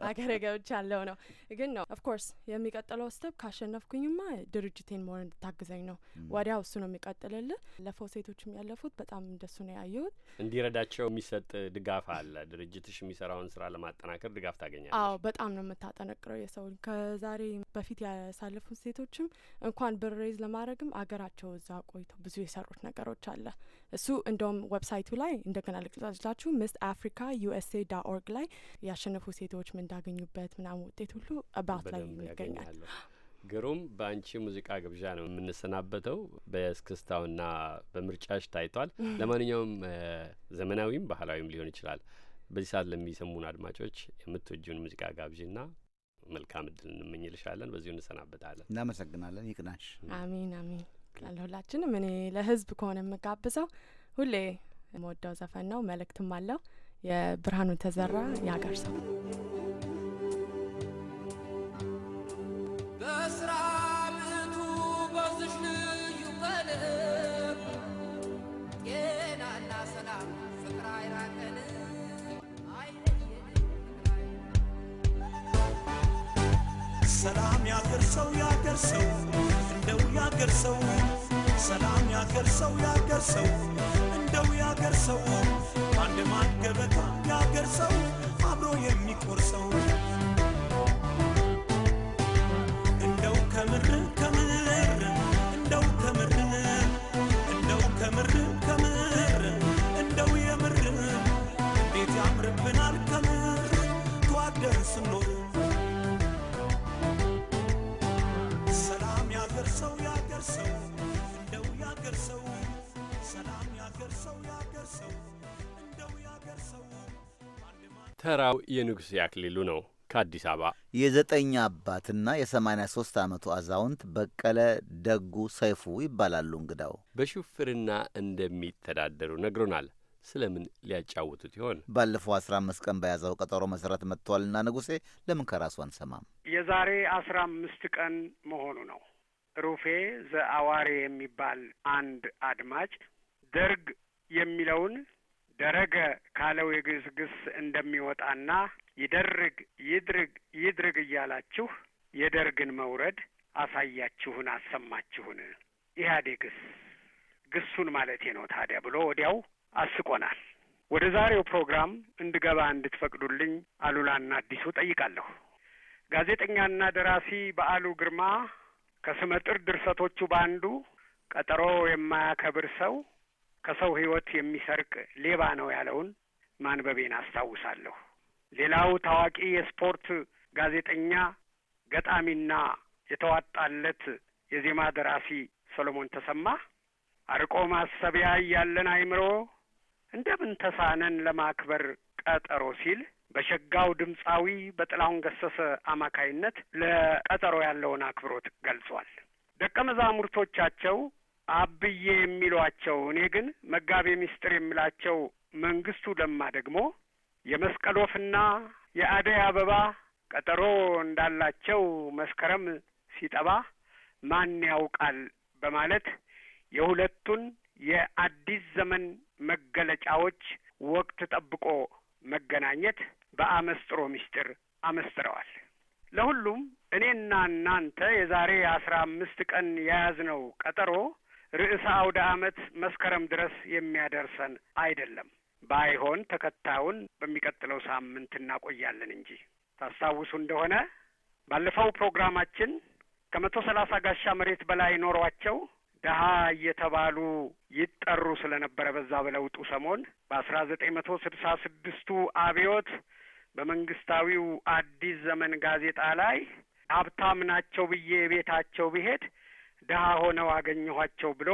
D: አገሬ ገብቻለሁ ነው። ግን ነው ኦፍኮርስ የሚቀጥለው ስተብ ካሸነፍኩኝማ ድርጅቴን መሆን እንድታግዘኝ ነው። ወዲያው እሱ ነው የሚቀጥልልህ። ለፈው ሴቶች የሚያለፉት በጣም እንደሱ ነው ያየሁት።
B: እንዲረዳቸው የሚሰጥ ድጋፍ አለ። ድርጅትሽ የሚሰራውን ስራ ለማጠናከር ድጋፍ ታገኛለች። አዎ
D: በጣም ነው የምታጠነቅረው። የሰው ከዛሬ በፊት ያሳለፉት ሴቶችም እንኳን ብር ሬዝ ለማድረግም አገራቸው እዛ ቆይተው ብዙ የሰሩት ነገሮች አለ። እሱ እንደውም ዌብሳይቱ ላይ እንደገና አድርገናል። ቅጣችላችሁ ሚስ አፍሪካ ዩኤስኤ ዳ ኦርግ ላይ ያሸነፉ ሴቶች ምን እንዳገኙበት ምናምን ውጤት ሁሉ አባት ላይ ይገኛል።
B: ግሩም በአንቺ ሙዚቃ ግብዣ ነው የምንሰናበተው። በእስክስታውና በምርጫሽ ታይቷል። ለማንኛውም ዘመናዊም ባህላዊም ሊሆን ይችላል። በዚህ ሰዓት ለሚሰሙን አድማጮች የምትወጂውን ሙዚቃ ጋብዥና መልካም እድል እንመኝልሻለን። በዚሁ
C: እንሰናበታለን። እናመሰግናለን። ይቅናሽ።
D: አሚን አሚን። ለሁላችንም እኔ ለህዝብ ከሆነ የምጋብዘው ሁሌ የምወደው ዘፈን ነው። መልእክትም አለው።
C: የብርሃኑ ተዘራ
D: ያገርሰው ። ሰው
A: በስራ ምቱ በዝሽ ልዩ
D: ጤናና ሰላም ፍቅር አይራቀን
F: ሰላም ያገር ሰው ያገር ሰው እንደው ያገር ሰው ሰላም ያገር ሰው ያገር
G: ሰው ያለው ያገር ሰው አንድ ማን ገበታ ያገር ሰው አብሮ የሚቆርሰው እንደው ከምር ከምር እንደው ከምር እንደው
F: ከምር ከምር እንደው የምር እንዴት ያምርብናል ከምር ተዋደን ስንኖር ሰላም
A: ያገር ሰው ያገር ሰው እንደው ያገር ሰው ሰላም ያገር ሰው ያገር ሰው እንደው ያገር ሰው
B: ተራው የንጉሥ ያክሊሉ ነው ከአዲስ አበባ
C: የዘጠኝ አባትና የ83 ዓመቱ አዛውንት በቀለ ደጉ ሰይፉ ይባላሉ። እንግዳው
B: በሹፍርና እንደሚተዳደሩ ነግሮናል። ስለምን ሊያጫውቱት ይሆን?
C: ባለፈው አስራ አምስት ቀን በያዘው ቀጠሮ መሰረት መጥተዋልና ንጉሴ ለምን ከራሱ አንሰማም?
B: የዛሬ አስራ አምስት ቀን
H: መሆኑ ነው። ሩፌ ዘአዋሬ የሚባል አንድ አድማጭ ደርግ የሚለውን ደረገ ካለው የግዕዝ ግስ እንደሚወጣና ይደርግ ይድርግ ይድርግ እያላችሁ የደርግን መውረድ አሳያችሁን፣ አሰማችሁን ኢህአዴግስ ግሱን ማለቴ ነው ታዲያ ብሎ ወዲያው አስቆናል። ወደ ዛሬው ፕሮግራም እንድገባ እንድትፈቅዱልኝ አሉላና አዲሱ ጠይቃለሁ። ጋዜጠኛና ደራሲ በዓሉ ግርማ ከስመጥር ድርሰቶቹ በአንዱ ቀጠሮ የማያከብር ሰው ከሰው ሕይወት የሚሰርቅ ሌባ ነው ያለውን ማንበቤን አስታውሳለሁ። ሌላው ታዋቂ የስፖርት ጋዜጠኛ ገጣሚና የተዋጣለት የዜማ ደራሲ ሰሎሞን ተሰማ አርቆ ማሰቢያ እያለን አይምሮ እንደምን ተሳነን ለማክበር ቀጠሮ ሲል በሸጋው ድምፃዊ በጥላሁን ገሰሰ አማካይነት ለቀጠሮ ያለውን አክብሮት ገልጿል። ደቀ መዛሙርቶቻቸው አብዬ የሚሏቸው እኔ ግን መጋቤ ምስጢር የሚላቸው መንግስቱ ለማ ደግሞ የመስቀል ወፍና የአደይ አበባ ቀጠሮ እንዳላቸው መስከረም ሲጠባ ማን ያውቃል በማለት የሁለቱን የአዲስ ዘመን መገለጫዎች ወቅት ጠብቆ መገናኘት በአመስጥሮ ምስጢር አመስጥረዋል። ለሁሉም እኔና እናንተ የዛሬ አስራ አምስት ቀን የያዝነው ቀጠሮ ርዕሰ አውደ ዓመት መስከረም ድረስ የሚያደርሰን አይደለም። ባይሆን ተከታዩን በሚቀጥለው ሳምንት እናቆያለን እንጂ። ታስታውሱ እንደሆነ ባለፈው ፕሮግራማችን ከመቶ ሰላሳ ጋሻ መሬት በላይ ኖሯቸው ደሀ እየተባሉ ይጠሩ ስለነበረ በዛ በለውጡ ሰሞን በአስራ ዘጠኝ መቶ ስድሳ ስድስቱ አብዮት በመንግስታዊው አዲስ ዘመን ጋዜጣ ላይ ሀብታም ናቸው ብዬ ቤታቸው ብሄድ ድሀ ሆነው አገኘኋቸው ብሎ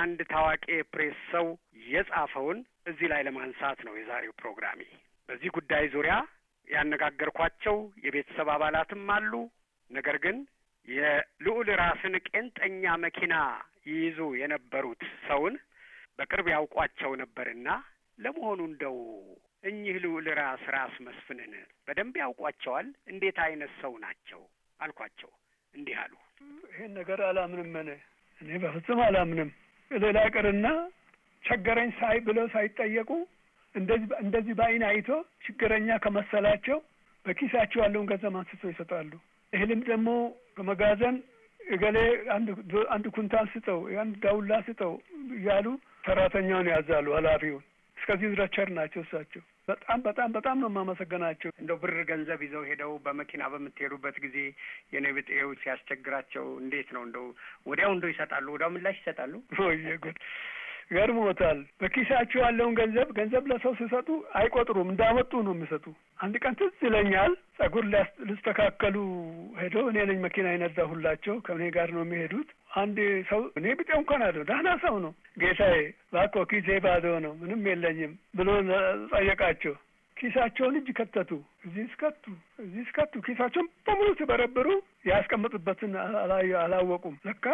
H: አንድ ታዋቂ የፕሬስ ሰው የጻፈውን እዚህ ላይ ለማንሳት ነው የዛሬው ፕሮግራሜ። በዚህ ጉዳይ ዙሪያ ያነጋገርኳቸው የቤተሰብ አባላትም አሉ። ነገር ግን የልዑል ራስን ቄንጠኛ መኪና ይይዙ የነበሩት ሰውን በቅርብ ያውቋቸው ነበርና ለመሆኑ እንደው እኚህ ልዑል ራስ ራስ መስፍንን በደንብ ያውቋቸዋል? እንዴት አይነት ሰው ናቸው? አልኳቸው።
G: እንዲህ አሉ። ይሄን ነገር አላምንም። እኔ እኔ በፍጹም አላምንም። ሌላ ቅርና ቸገረኝ ሳይ ብለው ሳይጠየቁ እንደዚህ እንደዚህ በአይን አይቶ ችግረኛ ከመሰላቸው በኪሳቸው ያለውን ገንዘብ አንስቶ ይሰጣሉ። እህልም ደግሞ ከመጋዘን እገሌ አንድ ኩንታል ስጠው፣ አንድ ዳውላ ስጠው እያሉ ሰራተኛውን ያዛሉ፣ ኃላፊውን እስከዚህ ቸር ናቸው እሳቸው። በጣም በጣም በጣም ነው የማመሰገናቸው። እንደው
H: ብር ገንዘብ ይዘው ሄደው በመኪና በምትሄዱበት ጊዜ የነብጤው ሲያስቸግራቸው እንዴት ነው እንደው ወዲያው እንደው ይሰጣሉ? ወዲያው ምላሽ ይሰጣሉ? ወይዬ
G: ጉድ ገርሞታል። በኪሳቸው ያለውን ገንዘብ ገንዘብ ለሰው ሲሰጡ አይቆጥሩም፣ እንዳመጡ ነው የሚሰጡ። አንድ ቀን ትዝ ይለኛል ጸጉር ሊስተካከሉ ሄዶ እኔ ነኝ መኪና የነዳሁላቸው፣ ከእኔ ጋር ነው የሚሄዱት። አንድ ሰው እኔ ቢጤው እንኳን አለው፣ ደህና ሰው ነው፣ ጌታዬ እባክዎ ኪሴ ባዶ ነው ምንም የለኝም ብሎ ጠየቃቸው። ኪሳቸውን እጅ ከተቱ፣ እዚህ ስከቱ፣ እዚህ ስከቱ፣ ኪሳቸውን በሙሉ ሲበረብሩ ያስቀምጡበትን አላወቁም። ለካ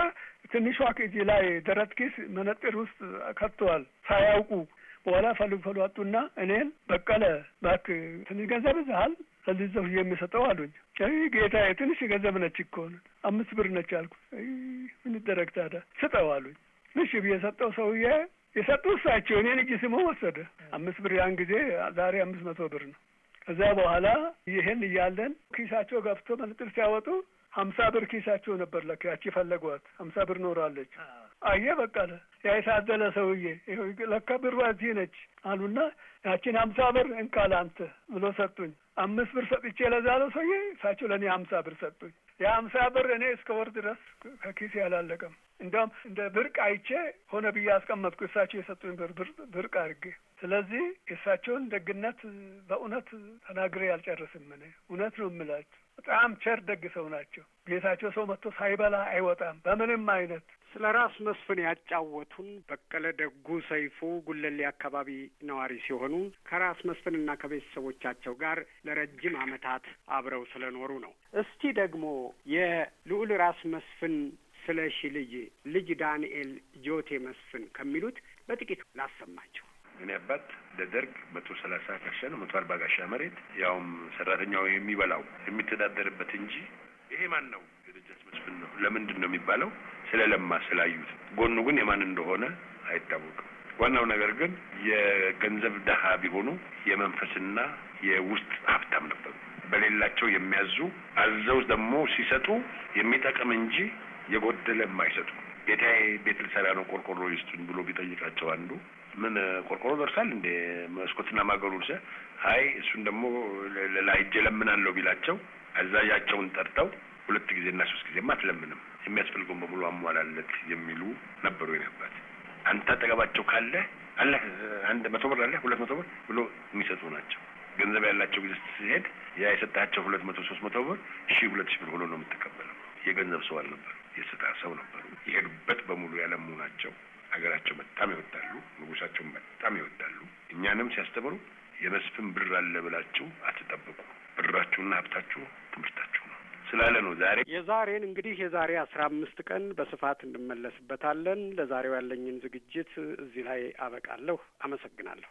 G: ትንሿ ኪዚ ላይ ደረት ኪስ መነጥር ውስጥ ከተዋል ሳያውቁ። በኋላ ፈልጉ ፈሉ አጡና እኔን በቀለ ባክ ትንሽ ገንዘብ ይዘሃል ለዚህ የሚሰጠው አሉኝ። አይ ጌታዬ ትንሽ ገንዘብ ነች እኮ አምስት ብር ነች አልኩ። ምን ይደረግ ታዲያ ስጠው አሉኝ። እሺ ብዬ ሰውዬ የሰጡ እሳቸው እኔን እጅ ስሞ ወሰደ። አምስት ብር ያን ጊዜ ዛሬ አምስት መቶ ብር ነው። ከዛ በኋላ ይህን እያለን ኪሳቸው ገብቶ መነጥር ሲያወጡ ሀምሳ ብር ኪሳቸው ነበር። ለካ ያቺ ፈለጓት ሀምሳ ብር ኖራለች። አየ በቃለ ያ የታደለ ሰውዬ ለካ ብር እዚህ ነች አሉና ያቺን ሀምሳ ብር እንካል አንተ ብሎ ሰጡኝ። አምስት ብር ሰጥቼ ለዛለው ሰውዬ እሳቸው ለእኔ ሀምሳ ብር ሰጡኝ። የሀምሳ ብር እኔ እስከ ወር ድረስ ከኪሴ አላለቀም። እንዲያውም እንደ ብርቅ አይቼ ሆነ ብዬ አስቀመጥኩ እሳቸው የሰጡኝ ብርቅ አድርጌ። ስለዚህ የእሳቸውን ደግነት በእውነት ተናግሬ አልጨርስም። ምን እውነት ነው የምላቸው በጣም ቸር ደግ ሰው ናቸው። ቤታቸው ሰው መጥቶ ሳይበላ አይወጣም በምንም አይነት።
H: ስለ ራስ መስፍን ያጫወቱን በቀለ ደጉ ሰይፉ ጉለሌ አካባቢ ነዋሪ ሲሆኑ ከራስ መስፍንና ከቤተሰቦቻቸው ጋር ለረጅም ዓመታት አብረው ስለኖሩ ነው። እስቲ ደግሞ የልዑል ራስ መስፍን ሺ ልጅ ልጅ ዳንኤል ጆቴ መስፍን ከሚሉት
I: በጥቂት ላሰማቸው እኔ አባት ለደርግ መቶ ሰላሳ ጋሻ ነው መቶ አርባ ጋሻ መሬት ያውም ሰራተኛው የሚበላው የሚተዳደርበት እንጂ ይሄ ማን ነው? የልጀት መስፍን ነው። ለምንድን ነው የሚባለው? ስለ ለማ ስላዩት። ጎኑ ግን የማን እንደሆነ አይታወቅም። ዋናው ነገር ግን የገንዘብ ደሃ ቢሆኑ የመንፈስና የውስጥ ሀብታም ነበሩ። በሌላቸው የሚያዙ አዘው ደግሞ ሲሰጡ የሚጠቅም እንጂ የጎደለም አይሰጡ። ጌታ ቤት ልሰራ ነው ቆርቆሮ ይስጡኝ ብሎ ቢጠይቃቸው አንዱ ምን ቆርቆሮ ደርሳል እንደ መስኮትና ማገሩ ልሰ አይ እሱን ደግሞ ላይጄ ለምናለሁ ቢላቸው አዛዣቸውን ጠርተው ሁለት ጊዜና ሶስት ጊዜም አትለምንም የሚያስፈልገውን በሙሉ አሟላለት የሚሉ ነበሩ። ይነባት አንተ አጠገባቸው ካለ አለ አንድ መቶ ብር አለ ሁለት መቶ ብር ብሎ የሚሰጡ ናቸው። ገንዘብ ያላቸው ጊዜ ስትሄድ ያ የሰጣቸው ሁለት መቶ ሶስት መቶ ብር ሺህ ሁለት ሺህ ብር ሆኖ ነው የምትቀበለው። የገንዘብ ሰው አልነበር። የስታ ሰው ነበሩ። የሄዱበት በሙሉ ያለሙ ናቸው። ሀገራቸው በጣም ይወዳሉ። ንጉሳቸውን በጣም ይወዳሉ። እኛንም ሲያስተምሩ የመስፍን ብር አለ ብላችሁ አትጠብቁ። ብራችሁና ሀብታችሁ ትምህርታችሁ ነው ስላለ ነው። ዛሬ የዛሬን እንግዲህ
H: የዛሬ አስራ አምስት ቀን በስፋት እንመለስበታለን። ለዛሬው ያለኝን ዝግጅት እዚህ ላይ አበቃለሁ። አመሰግናለሁ።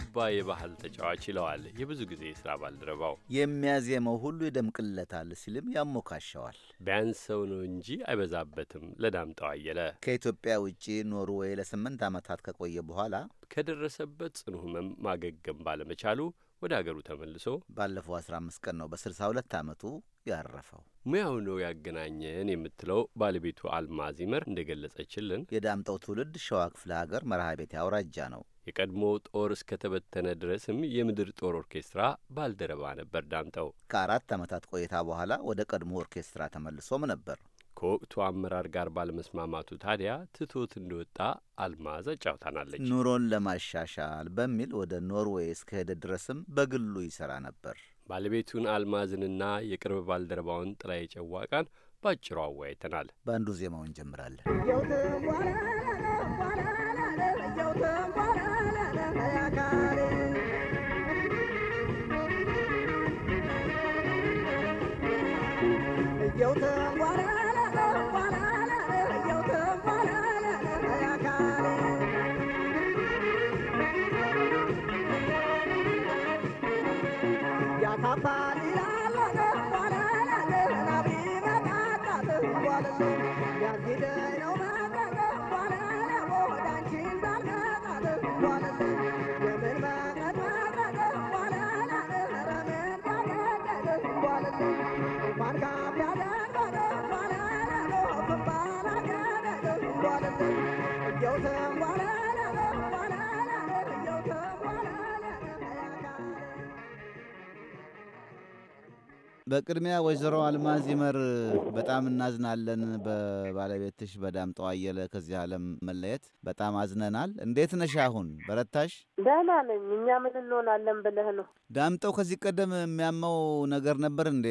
B: ዱባ የባህል ተጫዋች ይለዋል የብዙ ጊዜ የሥራ ባልደረባው።
C: የሚያዜመው ሁሉ ይደምቅለታል ሲልም ያሞካሸዋል። ቢያንስ ሰው ነው እንጂ አይበዛበትም። ለዳምጠው አየለ ከኢትዮጵያ ውጪ ኖርዌይ ለስምንት ዓመታት ከቆየ በኋላ
B: ከደረሰበት ጽኑ ህመም ማገገም ባለመቻሉ ወደ ሀገሩ ተመልሶ
C: ባለፈው አስራ አምስት ቀን ነው በስልሳ ሁለት አመቱ ያረፈው።
B: ሙያው ነው ያገናኘን የምትለው ባለቤቱ አልማዝ ይመር እንደ ገለጸችልን የዳምጠው ትውልድ ሸዋ ክፍለ ሀገር መርሃ ቤቴ አውራጃ ነው። የቀድሞ ጦር እስከ ተበተነ ድረስም የምድር ጦር ኦርኬስትራ ባልደረባ ነበር። ዳምጠው
C: ከአራት አመታት ቆይታ በኋላ ወደ ቀድሞ ኦርኬስትራ ተመልሶም ነበር። ከወቅቱ
B: አመራር ጋር ባለመስማማቱ ታዲያ ትቶት እንደወጣ አልማዝ አጫውታናለች። ኑሮን
C: ለማሻሻል በሚል ወደ ኖርዌይ እስከሄደ ድረስም በግሉ ይሰራ ነበር።
B: ባለቤቱን አልማዝንና የቅርብ ባልደረባውን ጥላዬ ጨዋቃን ባጭሩ አወያይተናል።
C: በአንዱ ዜማውን እንጀምራለን።
A: Yo Yeah, get it over.
C: በቅድሚያ ወይዘሮ አልማዝ ይመር በጣም እናዝናለን። በባለቤትሽ በዳምጠ አየለ ከዚህ ዓለም መለየት በጣም አዝነናል። እንዴት ነሽ አሁን? በረታሽ?
J: ደህና ነኝ። እኛ ምን እንሆናለን ብለህ ነው።
C: ዳምጠው ከዚህ ቀደም የሚያመው ነገር ነበር እንዴ?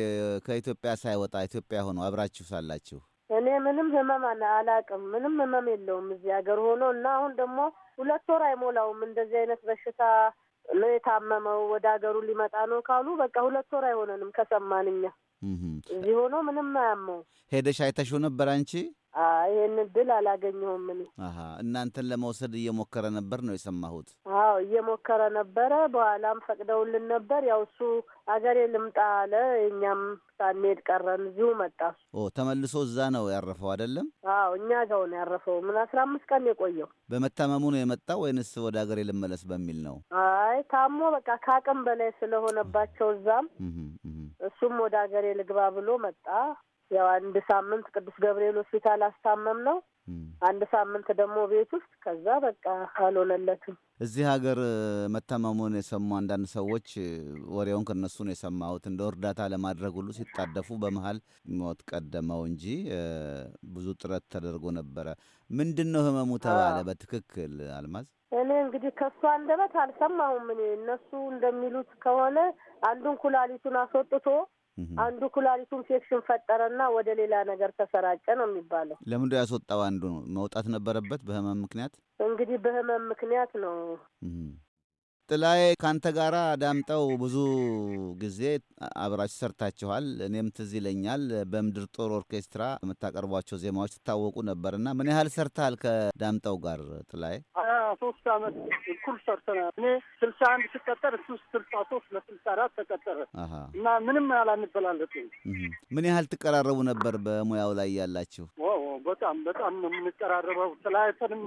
C: ከኢትዮጵያ ሳይወጣ ኢትዮጵያ ሆኖ አብራችሁ ሳላችሁ
J: እኔ ምንም ህመም አላቅም። ምንም ህመም የለውም እዚህ ሀገር ሆኖ እና አሁን ደግሞ ሁለት ወር አይሞላውም እንደዚህ አይነት በሽታ የታመመው ወደ ሀገሩ ሊመጣ ነው ካሉ በቃ ሁለት ወር አይሆነንም ከሰማንኛ እዚህ ሆኖ ምንም አያመው።
C: ሄደሽ አይተሽው ነበር አንቺ?
J: ይህን እድል አላገኘሁም። እኔ
C: እናንተን ለመውሰድ እየሞከረ ነበር ነው የሰማሁት?
J: አዎ እየሞከረ ነበረ። በኋላም ፈቅደውልን ነበር። ያው እሱ አገሬ ልምጣ አለ። እኛም ሳንሄድ ቀረን፣ እዚሁ መጣ።
C: ተመልሶ እዛ ነው ያረፈው አይደለም?
J: አዎ እኛ ጋው ነው ያረፈው። ምን አስራ አምስት ቀን የቆየው
C: በመታመሙ ነው የመጣው ወይንስ ወደ አገሬ ልመለስ በሚል ነው?
J: አይ ታሞ በቃ ከአቅም በላይ ስለሆነባቸው እዛም እሱም ወደ አገሬ ልግባ ብሎ መጣ። ያው አንድ ሳምንት ቅዱስ ገብርኤል ሆስፒታል አስታመም ነው። አንድ ሳምንት ደግሞ ቤት ውስጥ ከዛ በቃ አልሆነለትም።
C: እዚህ ሀገር መታመሙን የሰሙ አንዳንድ ሰዎች ወሬውን ከነሱ ነው የሰማሁት። እንደ እርዳታ ለማድረግ ሁሉ ሲጣደፉ በመሀል ሞት ቀደመው እንጂ ብዙ ጥረት ተደርጎ ነበረ። ምንድን ነው ህመሙ ተባለ በትክክል አልማዝ?
J: እኔ እንግዲህ ከእሱ አንደበት አልሰማሁም። እኔ እነሱ እንደሚሉት ከሆነ አንዱን ኩላሊቱን አስወጥቶ አንዱ ኩላሊቱ ኢንፌክሽን ፈጠረና ወደ ሌላ ነገር ተሰራጨ ነው የሚባለው።
C: ለምንድ ያስወጣው? አንዱ ነው መውጣት ነበረበት በህመም ምክንያት
J: እንግዲህ በህመም ምክንያት ነው
C: ላይ ካንተ ጋር ዳምጠው ብዙ ጊዜ አብራችሁ ሰርታችኋል። እኔም ትዝ ይለኛል በምድር ጦር ኦርኬስትራ የምታቀርቧቸው ዜማዎች ትታወቁ ነበር እና ምን ያህል ሰርተሃል ከዳምጠው ጋር ጥላይ?
K: ሶስት አመት እኩል ሰርተናል። እኔ ስልሳ አንድ ስቀጠር እሱ ስልሳ ሶስት ለስልሳ አራት ተቀጠረ እና ምንም አላንበላለጥም።
C: ምን ያህል ትቀራረቡ ነበር በሙያው ላይ ያላችሁ?
K: በጣም በጣም ነው የምንቀራረበው። ጥላዬ ፈንም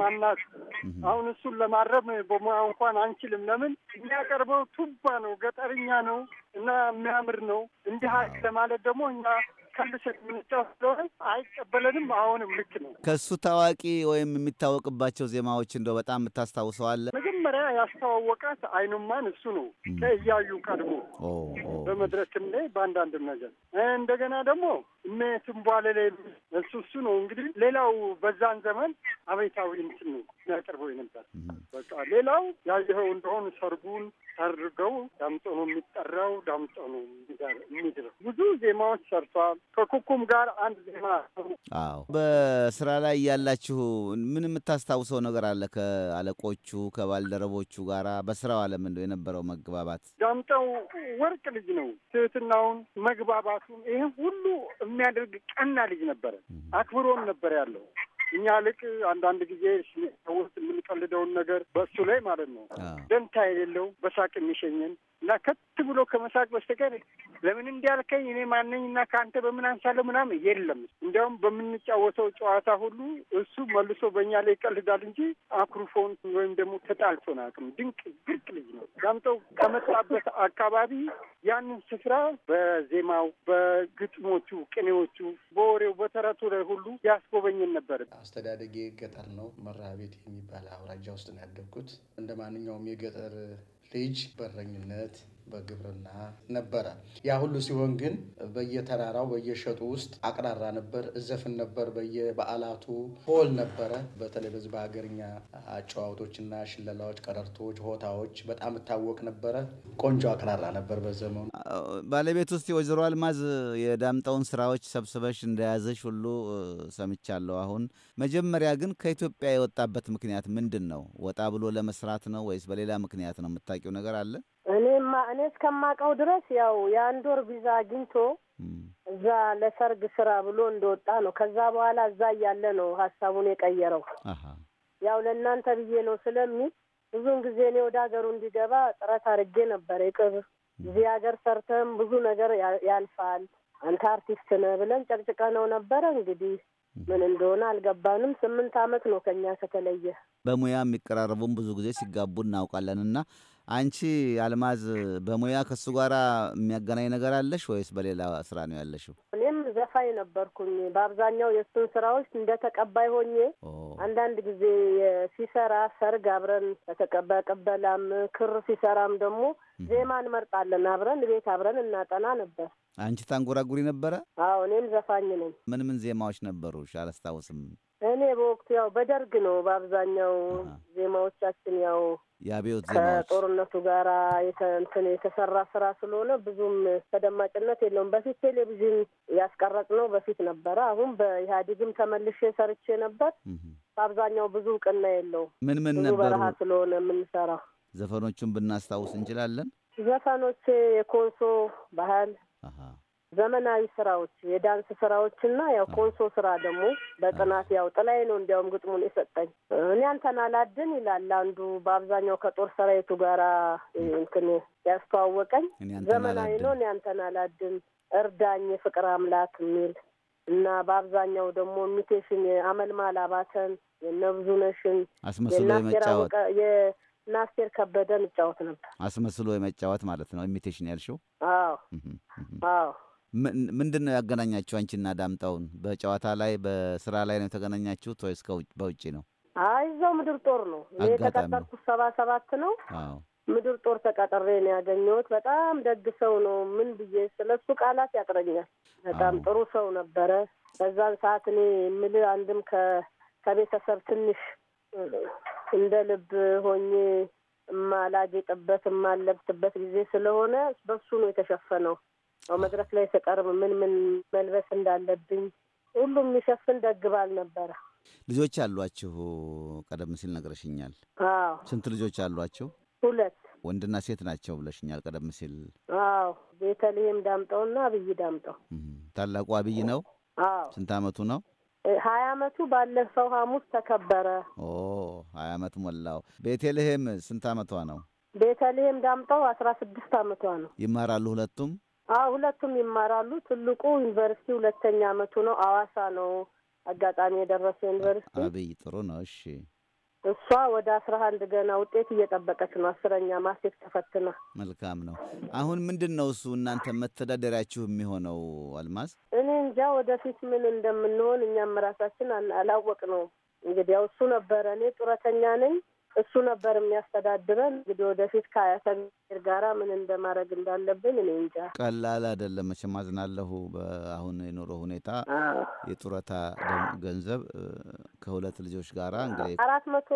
K: አሁን እሱን ለማረብ በሙያው እንኳን አንችልም። ለምን የሚያቀርበው ቱባ ነው፣ ገጠርኛ ነው እና የሚያምር ነው። እንዲህ ለማለት ደግሞ እኛ ከልስ የምንጫ ስለሆነ አይቀበለንም። አሁንም ልክ ነው።
C: ከእሱ ታዋቂ ወይም የሚታወቅባቸው ዜማዎች እንደው በጣም የምታስታውሰዋለህ?
K: መጀመሪያ ያስተዋወቃት አይኑማን እሱ ነው ከእያዩ ቀድሞ በመድረክም ላይ በአንዳንድም ነገር እንደገና ደግሞ እነ ትንቧለለ እሱ እሱ ነው እንግዲህ ሌላው በዛን ዘመን አቤታዊ እንትን ነው የሚያቀርበው ነበር። በቃ ሌላው ያየኸው እንደሆን ሰርጉን ታርገው ዳምጦ ነው የሚጠራው፣ ዳምጦ ነው የሚድረው። ብዙ ዜማዎች ሰርቷል። ከኩኩም ጋር አንድ ዜማ
C: አዎ። በስራ ላይ ያላችሁ ምን የምታስታውሰው ነገር አለ? ከአለቆቹ ከባልደረቦቹ ጋር በስራው አለም እንደው የነበረው መግባባት።
K: ዳምጠው ወርቅ ልጅ ነው። ትህትናውን፣ መግባባቱን ይህ ሁሉ የሚያደርግ ቀና ልጅ ነበረ። አክብሮም ነበር ያለው እኛ ልቅ አንዳንድ ጊዜ ሰዎች የምንቀልደውን ነገር በእሱ ላይ ማለት ነው ደንታ የሌለው በሳቅ የሚሸኘን እና ከት ብሎ ከመሳቅ በስተቀር ለምን እንዲያልከኝ እኔ እና ከአንተ በምን አንሳለሁ ምናምን የለም። እንዲያውም በምንጫወተው ጨዋታ ሁሉ እሱ መልሶ በእኛ ላይ ይቀልዳል እንጂ አኩርፎን ወይም ደግሞ ተጣልቶን አቅም ድንቅ ድርቅ ልጅ ነው። ዳምጠው ከመጣበት አካባቢ ያንን ስፍራ በዜማው፣ በግጥሞቹ፣ ቅኔዎቹ፣ በወሬው፣ በተረቱ ላይ ሁሉ ያስጎበኝን ነበር። አስተዳደጌ ገጠር ነው። መራቤት የሚባል አውራጃ ውስጥ ነው ያደግኩት።
F: እንደ ማንኛውም የገጠር ልጅ በረኝነት በግብርና ነበረ። ያ ሁሉ ሲሆን ግን በየተራራው በየሸጡ ውስጥ አቅራራ ነበር፣ እዘፍን ነበር፣ በየበዓላቱ ሆል ነበረ። በተለይ በዚህ በሀገርኛ አጨዋወቶችና ሽለላዎች፣ ቀረርቶች፣ ሆታዎች በጣም እታወቅ ነበረ። ቆንጆ አቅራራ ነበር በዘመኑ።
C: ባለቤት ውስጥ የወይዘሮ አልማዝ የዳምጠውን ስራዎች ሰብስበሽ እንደያዘሽ ሁሉ ሰምቻለሁ። አሁን መጀመሪያ ግን ከኢትዮጵያ የወጣበት ምክንያት ምንድን ነው? ወጣ ብሎ ለመስራት ነው ወይስ በሌላ ምክንያት ነው? የምታውቂው ነገር አለ?
J: እኔማ እኔ እስከማውቀው ድረስ ያው የአንድ ወር ቪዛ አግኝቶ እዛ ለሰርግ ስራ ብሎ እንደወጣ ነው። ከዛ በኋላ እዛ እያለ ነው ሀሳቡን የቀየረው። ያው ለእናንተ ብዬ ነው ስለሚል ብዙውን ጊዜ እኔ ወደ ሀገሩ እንዲገባ ጥረት አድርጌ ነበር። ይቅር እዚህ ሀገር ሰርተም ብዙ ነገር ያልፋል፣ አንተ አርቲስት ነህ ብለን ጨቅጭቀ ነው ነበረ እንግዲህ ምን እንደሆነ አልገባንም። ስምንት አመት ነው ከኛ ከተለየ።
C: በሙያ የሚቀራረቡም ብዙ ጊዜ ሲጋቡ እናውቃለን። እና አንቺ አልማዝ በሙያ ከሱ ጋራ የሚያገናኝ ነገር አለሽ ወይስ በሌላ ስራ ነው ያለሽው?
J: እኔ ተካፋይ ነበርኩኝ። በአብዛኛው የእሱን ስራዎች እንደ ተቀባይ ሆኜ አንዳንድ ጊዜ ሲሰራ ሰርግ አብረን በተቀባይ ክር ሲሰራም ደግሞ ዜማ እንመርጣለን አብረን ቤት አብረን እናጠና ነበር።
C: አንቺ ታንጎራጉሪ ነበረ?
J: አዎ እኔም ዘፋኝ ነኝ።
C: ምን ምን ዜማዎች ነበሩ አላስታውስም።
J: እኔ በወቅቱ ያው በደርግ ነው በአብዛኛው ዜማዎቻችን ያው
C: የአብዮት ዜማዎች
J: ከጦርነቱ ጋር እንትን የተሰራ ስራ ስለሆነ ብዙም ተደማጭነት የለውም። በፊት ቴሌቪዥን ያስቀረጽ ነው በፊት ነበረ። አሁን በኢህአዴግም ተመልሼ ሰርቼ ነበር። በአብዛኛው ብዙ እውቅና የለውም። ምን ምን ነበር በረሃ ስለሆነ የምንሰራ
C: ዘፈኖቹን ብናስታውስ እንችላለን።
J: ዘፈኖቼ የኮንሶ ባህል ዘመናዊ ስራዎች የዳንስ ስራዎች እና ያው ኮንሶ ስራ ደግሞ በጥናት ያው ጥላይ ነው እንዲያውም ግጥሙን የሰጠኝ እኔ አንተን አላድን ይላል አንዱ በአብዛኛው ከጦር ሰራዊቱ ጋራ እንትን ያስተዋወቀኝ ዘመናዊ ነው እኔ አንተን አላድን እርዳኝ የፍቅር አምላክ የሚል እና በአብዛኛው ደግሞ ሚቴሽን የአመልማል አባተን የነብዙነሽን አስመስሎ የመጫወት ናስቴር ከበደ እጫወት ነበር።
C: አስመስሎ የመጫወት ማለት ነው ኢሚቴሽን ያልሽው?
J: አዎ አዎ
C: ምንድን ነው ያገናኛችሁ አንቺና ዳምጣውን? በጨዋታ ላይ በስራ ላይ ነው የተገናኛችሁት ወይስ በውጭ ነው?
J: አይ እዛው ምድር ጦር ነው የተቀጠርኩት። ሰባ ሰባት ነው ምድር ጦር ተቀጥሬ ነው ያገኘሁት። በጣም ደግ ሰው ነው። ምን ብዬ ስለ እሱ ቃላት ያጥረኛል። በጣም ጥሩ ሰው ነበረ። በዛን ሰዓት እኔ የምል አንድም ከቤተሰብ ትንሽ እንደ ልብ ሆኜ የማላጌጥበት የማለብስበት ጊዜ ስለሆነ በሱ ነው የተሸፈነው። መድረክ ላይ ስቀርብ ምን ምን መልበስ እንዳለብኝ ሁሉም የሚሸፍን ደግ ባል ነበረ።
C: ልጆች አሏችሁ? ቀደም ሲል ነግረሽኛል። አዎ። ስንት ልጆች አሏችሁ? ሁለት ወንድና ሴት ናቸው ብለሽኛል ቀደም ሲል።
J: አዎ። ቤተልሔም ዳምጠውና አብይ ዳምጠው።
C: ታላቁ አብይ ነው። አዎ። ስንት አመቱ ነው?
J: ሀያ አመቱ ባለፈው ሐሙስ ተከበረ።
C: ኦ ሀያ አመት ሞላው። ቤተልሔም ስንት አመቷ ነው?
J: ቤተልሔም ዳምጠው አስራ ስድስት አመቷ ነው።
C: ይማራሉ ሁለቱም
J: አዎ ሁለቱም ይማራሉ። ትልቁ ዩኒቨርሲቲ ሁለተኛ አመቱ ነው። አዋሳ ነው አጋጣሚ የደረሰው ዩኒቨርሲቲ።
C: አብይ ጥሩ ነው። እሺ
J: እሷ ወደ አስራ አንድ ገና ውጤት እየጠበቀች ነው። አስረኛ ማሴት ተፈትና
C: መልካም ነው። አሁን ምንድን ነው እሱ እናንተ መተዳደሪያችሁ የሚሆነው? አልማዝ
J: እኔ እንጃ ወደፊት ምን እንደምንሆን እኛም ራሳችን አላወቅ ነው። እንግዲህ እሱ ነበረ እኔ ጡረተኛ ነኝ። እሱ ነበር የሚያስተዳድረን። እንግዲህ ወደፊት ከአያተ ጋራ ምን እንደማድረግ እንዳለብን እኔ እንጃ።
C: ቀላል አይደለም መቼም አዝናለሁ። በአሁን የኑሮ ሁኔታ የጡረታ ገንዘብ ከሁለት ልጆች ጋራ እንግዲህ
J: አራት መቶ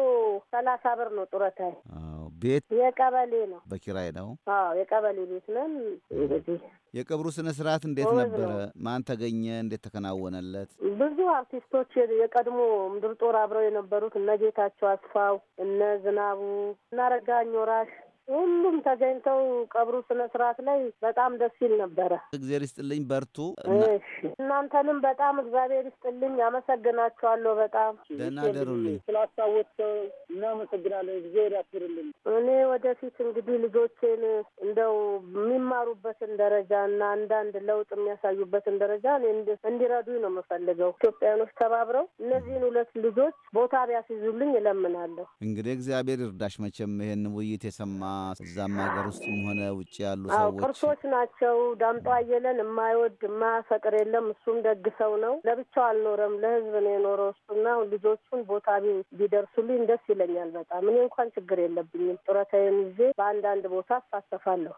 J: ሰላሳ ብር ነው ጡረታ። ቤት የቀበሌ ነው፣ በኪራይ ነው። የቀበሌ ቤት ነን። እንግዲህ
C: የቀብሩ ስነ ስርዓት እንዴት ነበረ? ማን ተገኘ? እንዴት ተከናወነለት?
J: ብዙ አርቲስቶች የቀድሞ ምድር ጦር አብረው የነበሩት እነ ጌታቸው አስፋው፣ እነ ዝናቡ፣ እነ ረጋኝ ወራሽ ሁሉም ተገኝተው ቀብሩ ስነ ስርዓት ላይ በጣም ደስ ይል ነበረ።
C: እግዚአብሔር ይስጥልኝ፣ በርቱ።
J: እናንተንም በጣም እግዚአብሔር ይስጥልኝ፣ አመሰግናችኋለሁ። በጣም ደህና ደሩልኝ፣ ስላስታወስ እናመሰግናለን። እግዚአብሔር ያክብርልኝ። እኔ ወደፊት እንግዲህ ልጆቼን እንደው የሚማሩበትን ደረጃ እና አንዳንድ ለውጥ የሚያሳዩበትን ደረጃ እንዲረዱኝ ነው የምፈልገው። ኢትዮጵያኖች ተባብረው እነዚህን ሁለት ልጆች ቦታ ቢያስይዙልኝ እለምናለሁ።
C: እንግዲህ እግዚአብሔር ይርዳሽ። መቼም ይሄን ውይይት የሰማ እዛም ሀገር ውስጥም ሆነ ውጭ ያሉ ሰዎች
J: ቅርሶች ናቸው። ዳምጦ አየለን የማይወድ የማያፈቅር የለም። እሱም ደግ ሰው ነው። ለብቻው አልኖረም፣ ለህዝብ ነው የኖረው። እሱና ልጆቹን ቦታ ቢደርሱልኝ ደስ ይለኛል በጣም። እኔ እንኳን ችግር የለብኝም። ጡረታዬን ይዤ በአንዳንድ ቦታ እሳተፋለሁ።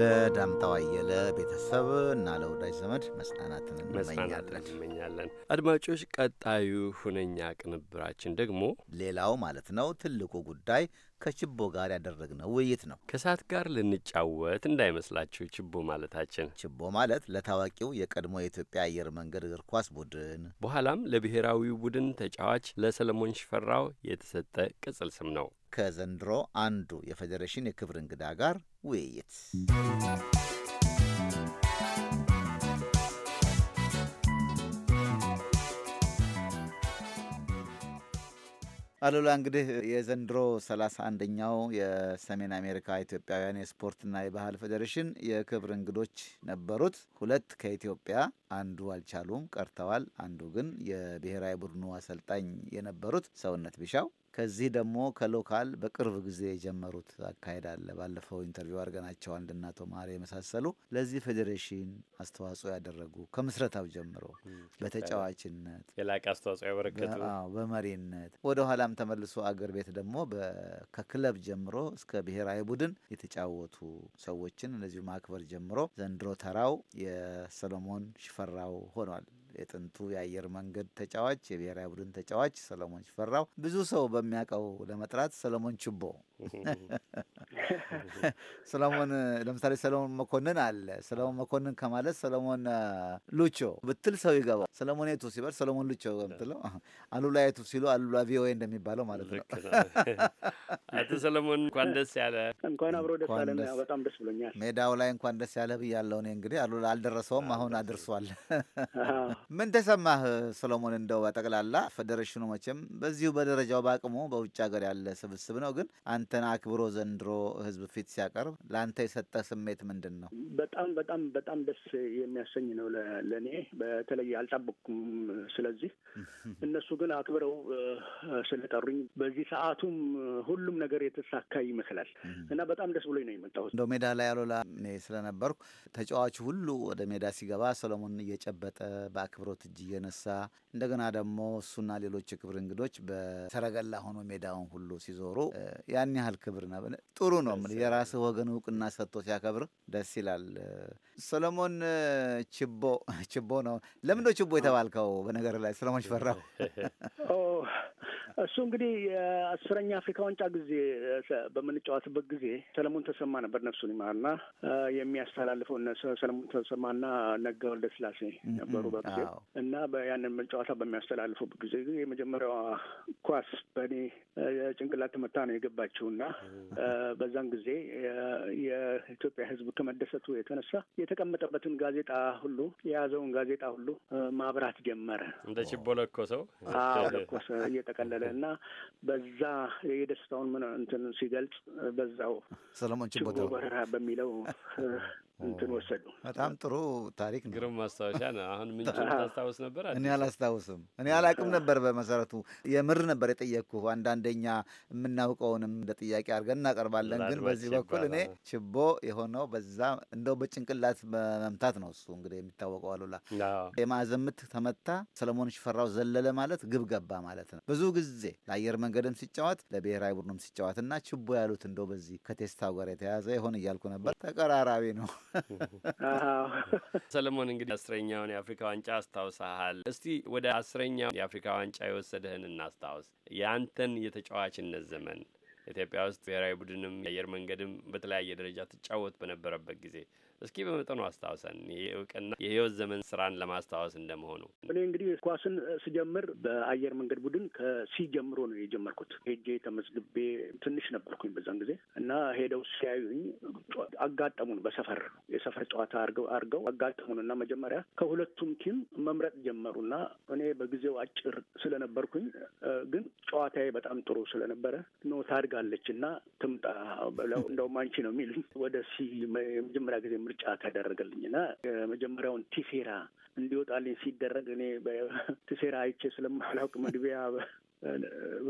C: ለዳምጣው አየለ ቤተሰብ እና ለወዳጅ ዘመድ መጽናናትን እንመኛለን።
B: አድማጮች፣ ቀጣዩ ሁነኛ ቅንብራችን ደግሞ ሌላው ማለት
C: ነው ትልቁ ጉዳይ ከችቦ ጋር ያደረግነው
B: ውይይት ነው። ከእሳት ጋር ልንጫወት እንዳይመስላችሁ ችቦ ማለታችን ችቦ ማለት ለታዋቂው የቀድሞ የኢትዮጵያ አየር መንገድ እግር ኳስ ቡድን በኋላም ለብሔራዊ ቡድን ተጫዋች ለሰለሞን ሽፈራው የተሰጠ
C: ቅጽል ስም ነው። ከዘንድሮ አንዱ የፌዴሬሽን የክብር እንግዳ ጋር ውይይት አሉላ እንግዲህ የዘንድሮ 31ኛው የሰሜን አሜሪካ ኢትዮጵያውያን የስፖርትና የባህል ፌዴሬሽን የክብር እንግዶች ነበሩት። ሁለት ከኢትዮጵያ አንዱ አልቻሉም ቀርተዋል። አንዱ ግን የብሔራዊ ቡድኑ አሰልጣኝ የነበሩት ሰውነት ቢሻው ከዚህ ደግሞ ከሎካል በቅርብ ጊዜ የጀመሩት አካሄድ አለ። ባለፈው ኢንተርቪው አድርገናቸው አንድ እናቶ ማሪ የመሳሰሉ ለዚህ ፌዴሬሽን አስተዋጽኦ ያደረጉ ከምስረታው ጀምሮ በተጫዋችነት
B: የላቀ አስተዋጽኦ ያበረከቱ
C: በመሪነት ወደኋላም ተመልሶ አገር ቤት ደግሞ ከክለብ ጀምሮ እስከ ብሔራዊ ቡድን የተጫወቱ ሰዎችን እነዚሁ ማክበር ጀምሮ ዘንድሮ ተራው የሰሎሞን ሽፈራው ሆኗል። የጥንቱ የአየር መንገድ ተጫዋች፣ የብሔራዊ ቡድን ተጫዋች ሰለሞን ሽፈራው ብዙ ሰው በሚያውቀው ለመጥራት ሰለሞን ችቦ ሰሎሞን ለምሳሌ ሰሎሞን መኮንን አለ። ሰሎሞን መኮንን ከማለት ሰሎሞን ሉቾ ብትል ሰው ይገባል። ሰሎሞን የቱ ሲበል ሰሎሞን ሉቾ ምትለው፣ አሉላ የቱ ሲሉ አሉላ ቪኦኤ እንደሚባለው ማለት ነው።
B: አቶ ሰሎሞን እንኳን ደስ ያለ። እንኳን አብሮ ደስ አለ። በጣም ደስ ብሎኛል።
C: ሜዳው ላይ እንኳን ደስ ያለ ብያለው። እኔ እንግዲህ አሉላ አልደረሰውም፣ አሁን አድርሷል። ምን ተሰማህ ሰሎሞን? እንደው በጠቅላላ ፌዴሬሽኑ መቼም በዚሁ በደረጃው በአቅሙ በውጭ ሀገር ያለ ስብስብ ነው፣ ግን አንተ ትምህርትን አክብሮ ዘንድሮ ህዝብ ፊት ሲያቀርብ ለአንተ የሰጠ ስሜት ምንድን ነው?
F: በጣም በጣም በጣም ደስ የሚያሰኝ ነው ለእኔ በተለይ አልጠበቅኩም። ስለዚህ እነሱ ግን አክብረው ስለጠሩኝ በዚህ ሰዓቱም ሁሉም ነገር የተሳካ ይመስላል እና በጣም ደስ ብሎኝ ነው የመጣሁት።
C: እንደው ሜዳ ላይ አሉላ እኔ ስለነበርኩ ተጫዋቹ ሁሉ ወደ ሜዳ ሲገባ ሰሎሞን እየጨበጠ በአክብሮት እጅ እየነሳ እንደገና ደግሞ እሱና ሌሎች የክብር እንግዶች በሰረገላ ሆኖ ሜዳውን ሁሉ ሲዞሩ ያን ያህል ክብር ነው። ጥሩ ነው። የራስህ ወገን እውቅና ሰጥቶ ሲያከብር ደስ ይላል። ሰሎሞን ችቦ ችቦ ነው። ለምንድ ችቦ የተባልከው? በነገር ላይ ሰሎሞን ሽፈራው
F: እሱ እንግዲህ የአስረኛ አፍሪካ ዋንጫ ጊዜ በምንጫወትበት ጊዜ ሰለሞን ተሰማ ነበር ነፍሱን ይማርና የሚያስተላልፈው ሰለሞን ተሰማና ነገ ወልደ ስላሴ ነበሩ በጊዜ እና ያንን ጨዋታ በሚያስተላልፈው ጊዜ የመጀመሪያዋ ኳስ በእኔ ጭንቅላት መታ ነው የገባችው እና በዛን ጊዜ የኢትዮጵያ ሕዝብ ከመደሰቱ የተነሳ የተቀመጠበትን ጋዜጣ ሁሉ የያዘውን ጋዜጣ ሁሉ ማብራት ጀመረ።
B: እንደ ችቦ ለኮሰው ለኮሰ
F: እየጠቀለለ እና በዛ የደስታውን ምን እንትን ሲገልጽ በዛው
B: ሰለሞን ችቦ በረራ በሚለው እንትን ወሰዱ። በጣም
C: ጥሩ ታሪክ ነው።
B: ግርም ማስታወሻ ነው። አሁን ምን ታስታውስ ነበር? እኔ አላስታውስም።
C: እኔ አላቅም ነበር በመሰረቱ። የምር ነበር የጠየቅኩ። አንዳንደኛ የምናውቀውንም እንደ ጥያቄ አድርገን እናቀርባለን። ግን በዚህ በኩል እኔ ችቦ የሆነው በዛ እንደው በጭንቅላት በመምታት ነው። እሱ እንግዲህ የሚታወቀው አሉላ የማዕዘን ምት ተመታ። ሰለሞን ሽፈራው ዘለለ ማለት ግብ ገባ ማለት ነው። ብዙ ጊዜ ለአየር መንገድም ሲጫወት ለብሔራዊ ቡድኑም ሲጫወት እና ችቦ ያሉት እንደው በዚህ ከቴስታው ጋር የተያያዘ ይሆን እያልኩ ነበር። ተቀራራቢ ነው።
B: ሰለሞን እንግዲህ አስረኛውን የአፍሪካ ዋንጫ አስታውሰሃል። እስቲ ወደ አስረኛው የአፍሪካ ዋንጫ የወሰደህን እናስታውስ። የአንተን የተጫዋችነት ዘመን ኢትዮጵያ ውስጥ ብሔራዊ ቡድንም የአየር መንገድም በተለያየ ደረጃ ትጫወት በነበረበት ጊዜ እስኪ በመጠኑ አስታውሰን ይህ እውቅና የህይወት ዘመን ስራን ለማስታወስ እንደመሆኑ።
F: እኔ እንግዲህ ኳስን ስጀምር በአየር መንገድ ቡድን ከሲ ጀምሮ ነው የጀመርኩት። ሄጄ ተመዝግቤ ትንሽ ነበርኩኝ በዛን ጊዜ እና ሄደው ሲያዩኝ አጋጠሙን። በሰፈር የሰፈር ጨዋታ አርገው አርገው አጋጠሙን እና መጀመሪያ ከሁለቱም ቲም መምረጥ ጀመሩና እኔ በጊዜው አጭር ስለነበርኩኝ ግን ጨዋታዬ በጣም ጥሩ ስለነበረ ኖ ታድጋለች እና ትምጣ ብለው እንደውም አንቺ ነው የሚሉኝ ወደ ሲ የመጀመሪያ ጊዜ ምርጫ ተደረገልኝና የመጀመሪያውን ቲሴራ እንዲወጣልኝ ሲደረግ እኔ ቲሴራ አይቼ ስለማላውቅ መግቢያ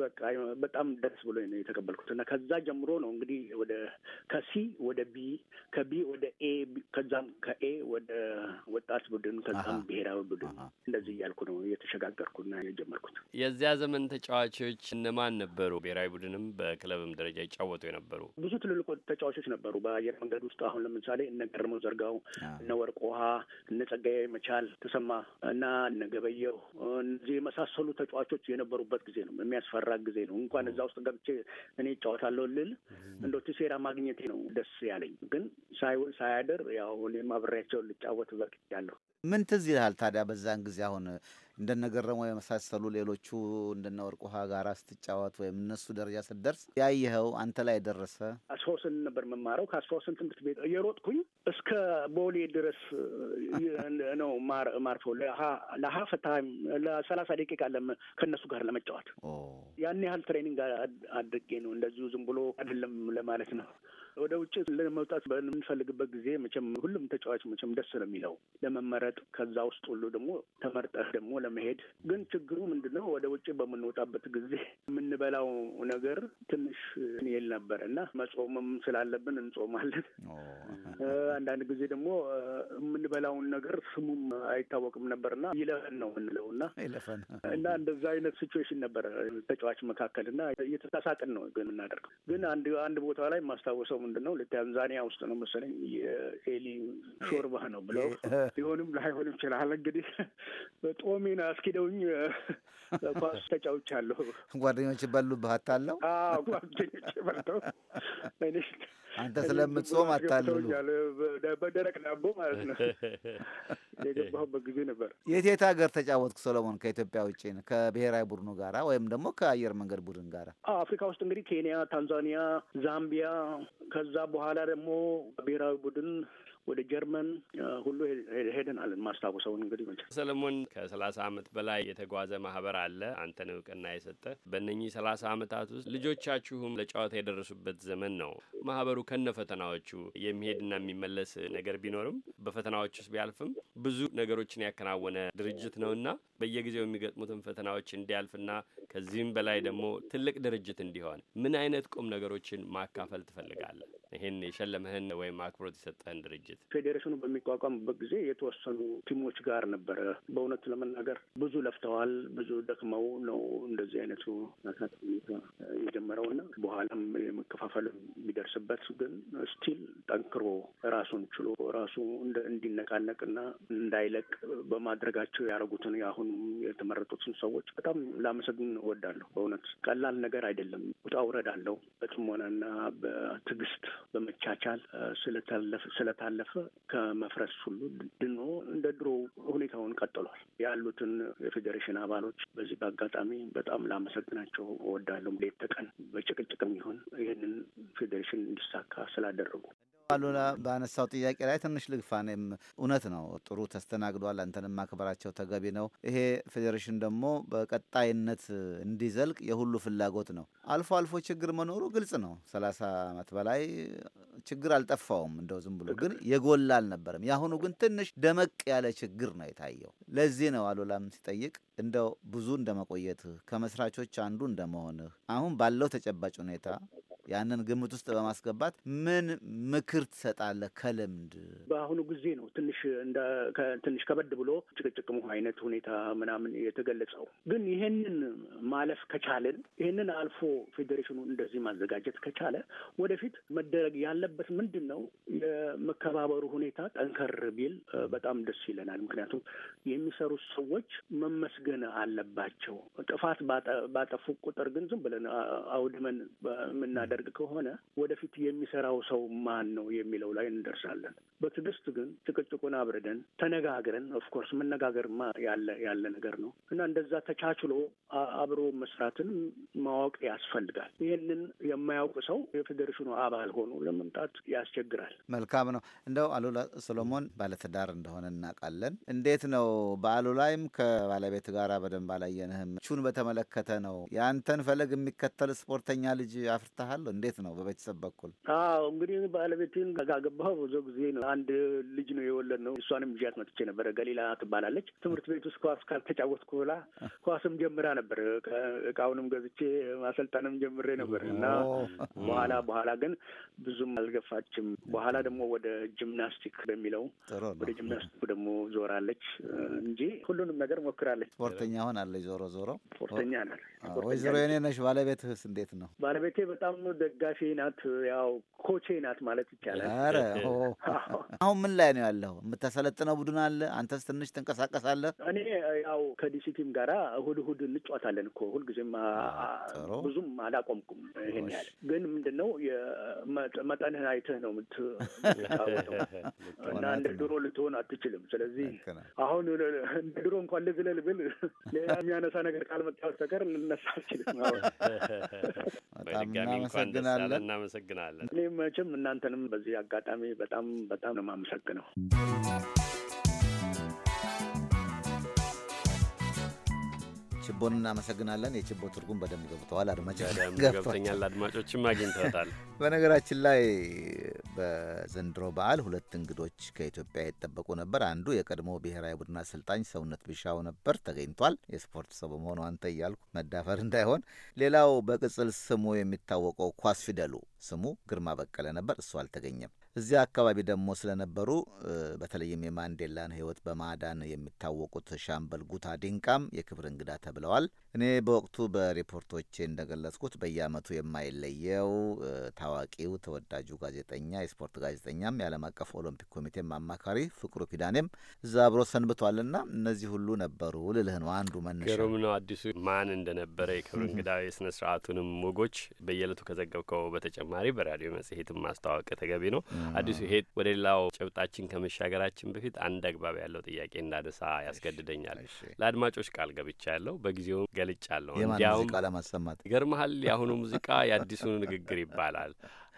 F: በቃ በጣም ደስ ብሎ ነው የተቀበልኩት እና ከዛ ጀምሮ ነው እንግዲህ ወደ ከሲ ወደ ቢ ከቢ ወደ ኤ ከዛም ከኤ ወደ ወጣት ቡድን ከዛም ብሔራዊ ቡድን እንደዚህ እያልኩ ነው ና የጀመርኩት።
B: የዚያ ዘመን ተጫዋቾች እነማን ነበሩ? ብሔራዊ ቡድንም በክለብም ደረጃ ይጫወቱ የነበሩ
F: ብዙ ትልልቆ ተጫዋቾች ነበሩ በአየር መንገድ ውስጥ። አሁን ለምሳሌ እነ ገርመው ዘርጋው፣ እነ ወርቅ ውሃ፣ እነ ጸጋዬ መቻል ተሰማ እና እነ ገበየው እነዚህ የመሳሰሉ ተጫዋቾች የነበሩበት ጊዜ ጊዜ ነው የሚያስፈራ ጊዜ ነው። እንኳን እዛ ውስጥ ገብቼ እኔ እጫወታለሁ ልል እንደ ቲሴራ ማግኘቴ ነው ደስ ያለኝ። ግን ሳያደር ያው እኔም አብሬያቸውን ልጫወት ያለሁ
C: ምን ትዝ ይልሃል ታዲያ በዛን ጊዜ አሁን እንደነገረመው የመሳሰሉ ሌሎቹ ወርቅ ውሃ ጋራ ስትጫወት ወይም እነሱ ደረጃ ስትደርስ ያየኸው አንተ ላይ ደረሰ?
F: አስራ ሁለትን ነበር የምማረው። ከአስራ ትምህርት ቤት የሮጥኩኝ እስከ ቦሌ ድረስ ነው ማርፎ ለሀ ፈታም ለሰላሳ ደቂቃ ከእነሱ ጋር ለመጫወት ያን ያህል ትሬኒንግ አድርጌ ነው። እንደዚሁ ዝም ብሎ አይደለም ለማለት ነው። ወደ ውጭ ለመውጣት በምንፈልግበት ጊዜ መቼም ሁሉም ተጫዋች መቼም ደስ ነው የሚለው ለመመረጥ ከዛ ውስጥ ሁሉ ደግሞ ተመርጠህ ደግሞ ለመሄድ ግን ችግሩ ምንድን ነው? ወደ ውጭ በምንወጣበት ጊዜ የምንበላው ነገር ትንሽ ይል ነበር እና መጾምም ስላለብን እንጾማለን። አንዳንድ ጊዜ ደግሞ የምንበላውን ነገር ስሙም አይታወቅም ነበር እና ይለፈን ነው የምንለው እና
A: ይለፈን እና
F: እንደዛ አይነት ሲትዌሽን ነበር ተጫዋች መካከል እና እየተሳሳቅን ነው ግን የምናደርገው ግን አንድ አንድ ቦታ ላይ የማስታወሰው ምንድን ነው ታንዛኒያ ውስጥ ነው መሰለኝ የኤሊ ሾርባ ነው ብለው ሊሆንም ላይሆን ይችላል እንግዲህ በጦሜ
C: ጓደኞቼን አስኪደውኝ ኳስ አለሁ። ጓደኞች በሉ አታለው? አለው ጓደኞች በልተው አንተ ስለምትጾም አታልሉ
F: በደረቅ ዳቦ ማለት ነው
C: የገባሁበት ጊዜ ነበር። የት የት ሀገር ተጫወትኩ ሶሎሞን? ከኢትዮጵያ ውጭ ከብሔራዊ ቡድኑ ጋራ ወይም ደግሞ ከአየር መንገድ ቡድን ጋራ?
F: አፍሪካ ውስጥ እንግዲህ ኬንያ፣ ታንዛኒያ፣ ዛምቢያ ከዛ በኋላ ደግሞ ብሔራዊ ቡድን ወደ ጀርመን ሁሉ አለን። ማስታውሰውን እንግዲህ መቼ
B: ሰለሞን ከሰላሳ አመት በላይ የተጓዘ ማህበር አለ አንተን እውቅና የሰጠ በእነኚህ ሰላሳ አመታት ውስጥ ልጆቻችሁም ለጨዋታ የደረሱበት ዘመን ነው። ማህበሩ ከነ ፈተናዎቹ የሚሄድና የሚመለስ ነገር ቢኖርም በፈተናዎች ውስጥ ቢያልፍም ብዙ ነገሮችን ያከናወነ ድርጅት ነውና በየጊዜው የሚገጥሙትን ፈተናዎች እንዲያልፍና ከዚህም በላይ ደግሞ ትልቅ ድርጅት እንዲሆን ምን አይነት ቁም ነገሮችን ማካፈል ትፈልጋለህ? ይህን የሸለመህን ወይም አክብሮት የሰጠህን ድርጅት
F: ፌዴሬሽኑ በሚቋቋምበት ጊዜ የተወሰኑ ቲሞች ጋር ነበረ። በእውነት ለመናገር ብዙ ለፍተዋል፣ ብዙ ደክመው ነው እንደዚህ አይነቱ የጀመረው እና በኋላም የመከፋፈል የሚደርስበት ግን ስቲል ጠንክሮ ራሱን ችሎ ራሱ እንዲነቃነቅና እንዳይለቅ በማድረጋቸው ያደረጉትን የአሁን የተመረጡትን ሰዎች በጣም ላመሰግን እወዳለሁ። በእውነት ቀላል ነገር አይደለም። ውጣ ውረድ አለው። በጥሞናና በትዕግስት በመቻቻል ስለታለፈ ከመፍረስ ሁሉ ድኖ እንደ ድሮ ሁኔታውን ቀጥሏል። ያሉትን የፌዴሬሽን አባሎች በዚህ በአጋጣሚ በጣም ላመሰግናቸው እወዳለሁ። ሌት ተቀን በጭቅጭቅም ይሁን ይህንን ፌዴሬሽን እንዲሳካ ስላደረጉ
C: አሉላ በአነሳው ጥያቄ ላይ ትንሽ ልግፋ። እኔም እውነት ነው ጥሩ ተስተናግዷል። አንተንም ማክበራቸው ተገቢ ነው። ይሄ ፌዴሬሽን ደግሞ በቀጣይነት እንዲዘልቅ የሁሉ ፍላጎት ነው። አልፎ አልፎ ችግር መኖሩ ግልጽ ነው። ሰላሳ ዓመት በላይ ችግር አልጠፋውም። እንደው ዝም ብሎ ግን የጎላ አልነበረም። የአሁኑ ግን ትንሽ ደመቅ ያለ ችግር ነው የታየው። ለዚህ ነው አሉላም ሲጠይቅ እንደው ብዙ እንደመቆየትህ ከመስራቾች አንዱ እንደመሆንህ አሁን ባለው ተጨባጭ ሁኔታ ያንን ግምት ውስጥ በማስገባት ምን ምክር ትሰጣለህ? ከልምድ
F: በአሁኑ ጊዜ ነው ትንሽ ትንሽ ከበድ ብሎ ጭቅጭቅ አይነት ሁኔታ ምናምን የተገለጸው። ግን ይሄንን ማለፍ ከቻልን ይሄንን አልፎ ፌዴሬሽኑ እንደዚህ ማዘጋጀት ከቻለ ወደፊት መደረግ ያለበት ምንድን ነው? የመከባበሩ ሁኔታ ጠንከር ቢል በጣም ደስ ይለናል። ምክንያቱም የሚሰሩት ሰዎች መመስገን አለባቸው። ጥፋት ባጠፉ ቁጥር ግን ዝም ብለን አውድመን የምናደ የሚያደርግ ከሆነ ወደፊት የሚሰራው ሰው ማን ነው የሚለው ላይ እንደርሳለን። በትዕግስት ግን ጭቅጭቁን አብርደን ተነጋግረን፣ ኦፍኮርስ መነጋገርማ ያለ ያለ ነገር ነው እና እንደዛ ተቻችሎ አብሮ መስራትን ማወቅ ያስፈልጋል። ይህንን የማያውቅ ሰው የፌዴሬሽኑ አባል ሆኖ ለመምጣት ያስቸግራል።
C: መልካም ነው። እንደው አሉላ ሰሎሞን ባለትዳር እንደሆነ እናውቃለን። እንዴት ነው በዓሉ ላይም ከባለቤት ጋር በደንብ አላየንህም። ቹን በተመለከተ ነው ያንተን ፈለግ የሚከተል ስፖርተኛ ልጅ አፍርተሃል? ይችላል? እንዴት ነው በቤተሰብ በኩል?
F: አዎ እንግዲህ ባለቤቴን ካገባሁ ብዙ ጊዜ ነው። አንድ ልጅ ነው የወለድ ነው። እሷንም ይዣት መጥቼ ነበረ። ገሊላ ትባላለች። ትምህርት ቤት ውስጥ ኳስ ካልተጫወትኩ ብላ ኳስም ጀምራ ነበር። እቃውንም ገዝቼ ማሰልጠንም ጀምሬ ነበር እና በኋላ በኋላ ግን ብዙም አልገፋችም። በኋላ ደግሞ ወደ ጂምናስቲክ በሚለው ወደ ጂምናስቲክ ደግሞ ዞራለች እንጂ ሁሉንም ነገር ሞክራለች።
C: ስፖርተኛ ሆናለች። ዞሮ ዞሮ ስፖርተኛ ናት። ወይዘሮ የኔ ነሽ ባለቤትህስ እንዴት ነው?
F: ባለቤቴ በጣም ደጋፊ ናት፣ ያው ኮቼ ናት ማለት ይቻላል።
C: አሁን ምን ላይ ነው ያለው? የምታሰለጥነው ቡድን አለ? አንተስ ትንሽ ትንቀሳቀሳለህ?
F: እኔ ያው ከዲሲ ቲም ጋራ እሁድ እሁድ እንጫወታለን እኮ ሁልጊዜም፣ ብዙም አላቆምኩም። ይሄን ያህል ግን ምንድን ነው መጠንህን አይተህ ነው የምትጫወተው እና እንደ ድሮ ልትሆን አትችልም። ስለዚህ አሁን እንደ ድሮ እንኳን ልዝለል ብል ሌላ የሚያነሳ ነገር ካልመጣ በስተቀር ልነሳ አልችልም።
B: እናመሰግናለን። እናመሰግናለን። እኔ
F: መቼም እናንተንም በዚህ አጋጣሚ በጣም በጣም
C: ነው የማመሰግነው። ችቦን እናመሰግናለን። የችቦ ትርጉም በደንብ ገብተዋል አድማጭ ገብተኛል
B: አድማጮችም አግኝተውታል።
C: በነገራችን ላይ በዘንድሮ በዓል ሁለት እንግዶች ከኢትዮጵያ የጠበቁ ነበር። አንዱ የቀድሞ ብሔራዊ ቡድን አሰልጣኝ ሰውነት ቢሻው ነበር፣ ተገኝቷል። የስፖርት ሰው በመሆኑ አንተ እያልኩ መዳፈር እንዳይሆን። ሌላው በቅጽል ስሙ የሚታወቀው ኳስ ፊደሉ ስሙ ግርማ በቀለ ነበር፣ እሱ አልተገኘም። እዚያ አካባቢ ደግሞ ስለነበሩ በተለይም የማንዴላን ሕይወት በማዳን የሚታወቁት ሻምበል ጉታ ዲንቃም የክብር እንግዳ ተብለዋል። እኔ በወቅቱ በሪፖርቶቼ እንደገለጽኩት በየዓመቱ የማይለየው ታዋቂው ተወዳጁ ጋዜጠኛ የስፖርት ጋዜጠኛም የዓለም አቀፍ ኦሎምፒክ ኮሚቴም አማካሪ ፍቅሩ ኪዳኔም እዛ አብሮ ሰንብቷልና እነዚህ ሁሉ ነበሩ ልልህ ነው። አንዱ መነሻ ገሩም
B: ነው። አዲሱ ማን እንደነበረ የክብር እንግዳዊ የስነ ስርአቱንም ወጎች በየዕለቱ ከዘገብከው በተጨማሪ በራዲዮ መጽሔትም ማስተዋወቅ ተገቢ ነው። አዲሱ ይሄ ወደ ሌላው ጭብጣችን ከመሻገራችን በፊት አንድ አግባብ ያለው ጥያቄ እንዳነሳ ያስገድደኛል። ለአድማጮች ቃል ገብቻ ያለው በጊዜው ገልጫለሁ። እንዲያውም ለማሰማት ገርመሃል። የአሁኑ ሙዚቃ የአዲሱን ንግግር ይባላል።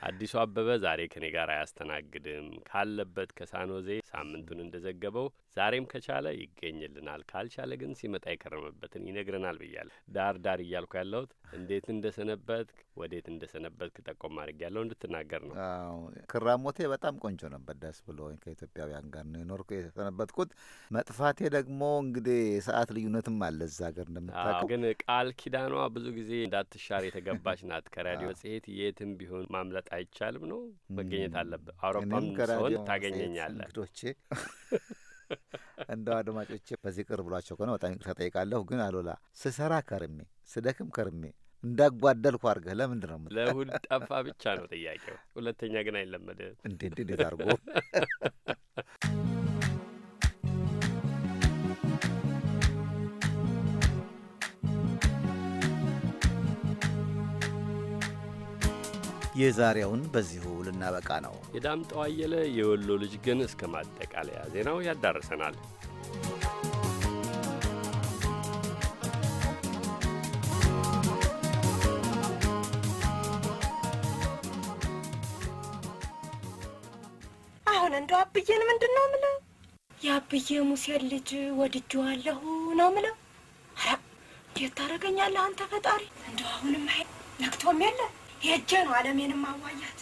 B: አዲሱ አበበ ዛሬ ከኔ ጋር አያስተናግድም ካለበት ከሳኖዜ ሳምንቱን እንደዘገበው ዛሬም ከቻለ ይገኝልናል፣ ካልቻለ ግን ሲመጣ የከረመበትን ይነግረናል ብያለሁ። ዳር ዳር እያልኩ ያለሁት እንዴት እንደሰነበት ወዴት እንደሰነበት ጠቆም አድርግ ያለው እንድትናገር ነው።
C: አዎ ክራሞቴ በጣም ቆንጆ ነበር። ደስ ብሎ ከኢትዮጵያውያን ጋር ነው የኖርኩ የሰነበትኩት። መጥፋቴ ደግሞ እንግዲህ የሰዓት ልዩነትም አለ እዛ ሀገር እንደምታውቀው።
B: ግን ቃል ኪዳኗ ብዙ ጊዜ እንዳትሻር የተገባች ናት። ከራዲዮ መጽሔት የትም ቢሆን ማምለጥ አይቻልም ነው መገኘት አለብህ። አውሮፓም ሰውን ታገኘኛለህ።
C: እንደው አድማጮቼ በዚህ ቅር ብሏቸው ከሆነ በጣም ይቅርታ ጠይቃለሁ። ግን አሉላ ስሰራ ከርሜ ስደክም ከርሜ እንዳጓደልኩ አድርገህ ለምንድን ነው
B: ለሁል ጠፋ ብቻ ነው ጥያቄው። ሁለተኛ ግን አይለመድም እንዴ እንዴ አድርጎ
C: የዛሬውን በዚሁ ልናበቃ ነው።
B: የዳምጠው አየለ የወሎ ልጅ ግን እስከ ማጠቃለያ ዜናው ያዳርሰናል።
D: አሁን እንደው
F: አብዬን ምንድን ነው ምለው? የአብዬ ሙሴን ልጅ ወድጄዋለሁ ነው ምለው?
J: ኧረ እንዴት ታደርገኛለህ አንተ ፈጣሪ! እንደው አሁንም አይ ነግቶም ሄጄ ነው አለሜንም አዋያት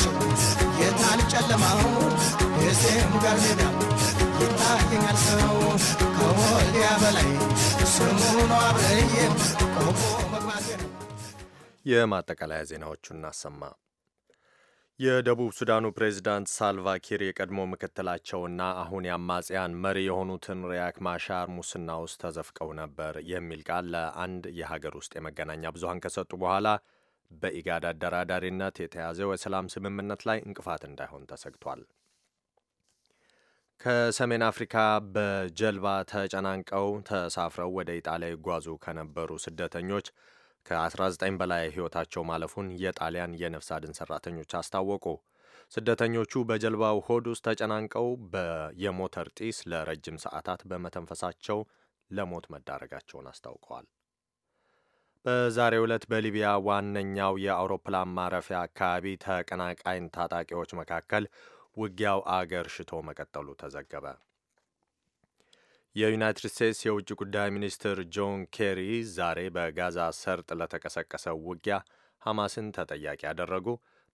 A: ሲመሽ የታል ጨለማው ጋር ሜዳ ይታየኛል ሰው ከወልዲያ በላይ ስሙ ነው ቆቦ መግባቴ ነው።
E: የማጠቃለያ ዜናዎቹን እናሰማ። የደቡብ ሱዳኑ ፕሬዚዳንት ሳልቫ ኪር የቀድሞ ምክትላቸውና አሁን የአማጽያን መሪ የሆኑትን ሪያክ ማሻር ሙስና ውስጥ ተዘፍቀው ነበር የሚል ቃል ለአንድ የሀገር ውስጥ የመገናኛ ብዙሀን ከሰጡ በኋላ በኢጋድ አደራዳሪነት የተያዘው የሰላም ስምምነት ላይ እንቅፋት እንዳይሆን ተሰግቷል። ከሰሜን አፍሪካ በጀልባ ተጨናንቀው ተሳፍረው ወደ ኢጣሊያ ይጓዙ ከነበሩ ስደተኞች ከ19 በላይ ሕይወታቸው ማለፉን የጣሊያን የነፍስ አድን ሠራተኞች አስታወቁ። ስደተኞቹ በጀልባው ሆድ ውስጥ ተጨናንቀው የሞተር ጢስ ለረጅም ሰዓታት በመተንፈሳቸው ለሞት መዳረጋቸውን አስታውቀዋል። በዛሬ ዕለት በሊቢያ ዋነኛው የአውሮፕላን ማረፊያ አካባቢ ተቀናቃኝ ታጣቂዎች መካከል ውጊያው አገር ሽቶ መቀጠሉ ተዘገበ። የዩናይትድ ስቴትስ የውጭ ጉዳይ ሚኒስትር ጆን ኬሪ ዛሬ በጋዛ ሰርጥ ለተቀሰቀሰው ውጊያ ሐማስን ተጠያቂ ያደረጉ።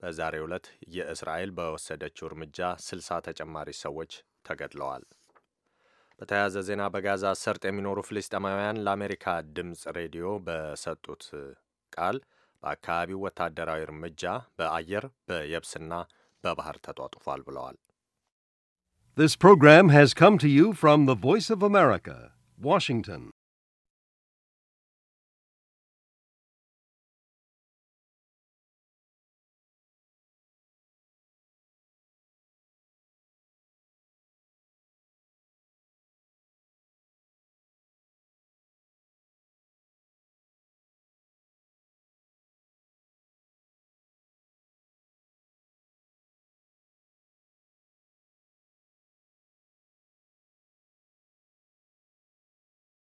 E: በዛሬ ዕለት የእስራኤል በወሰደችው እርምጃ ስልሳ ተጨማሪ ሰዎች ተገድለዋል። በተያያዘ ዜና በጋዛ ሰርጥ የሚኖሩ ፍልስጤማውያን ለአሜሪካ ድምፅ ሬዲዮ በሰጡት ቃል በአካባቢው ወታደራዊ እርምጃ በአየር በየብስና በባህር ተጧጡፏል ብለዋል።
D: This program has come to you from the Voice of America, Washington.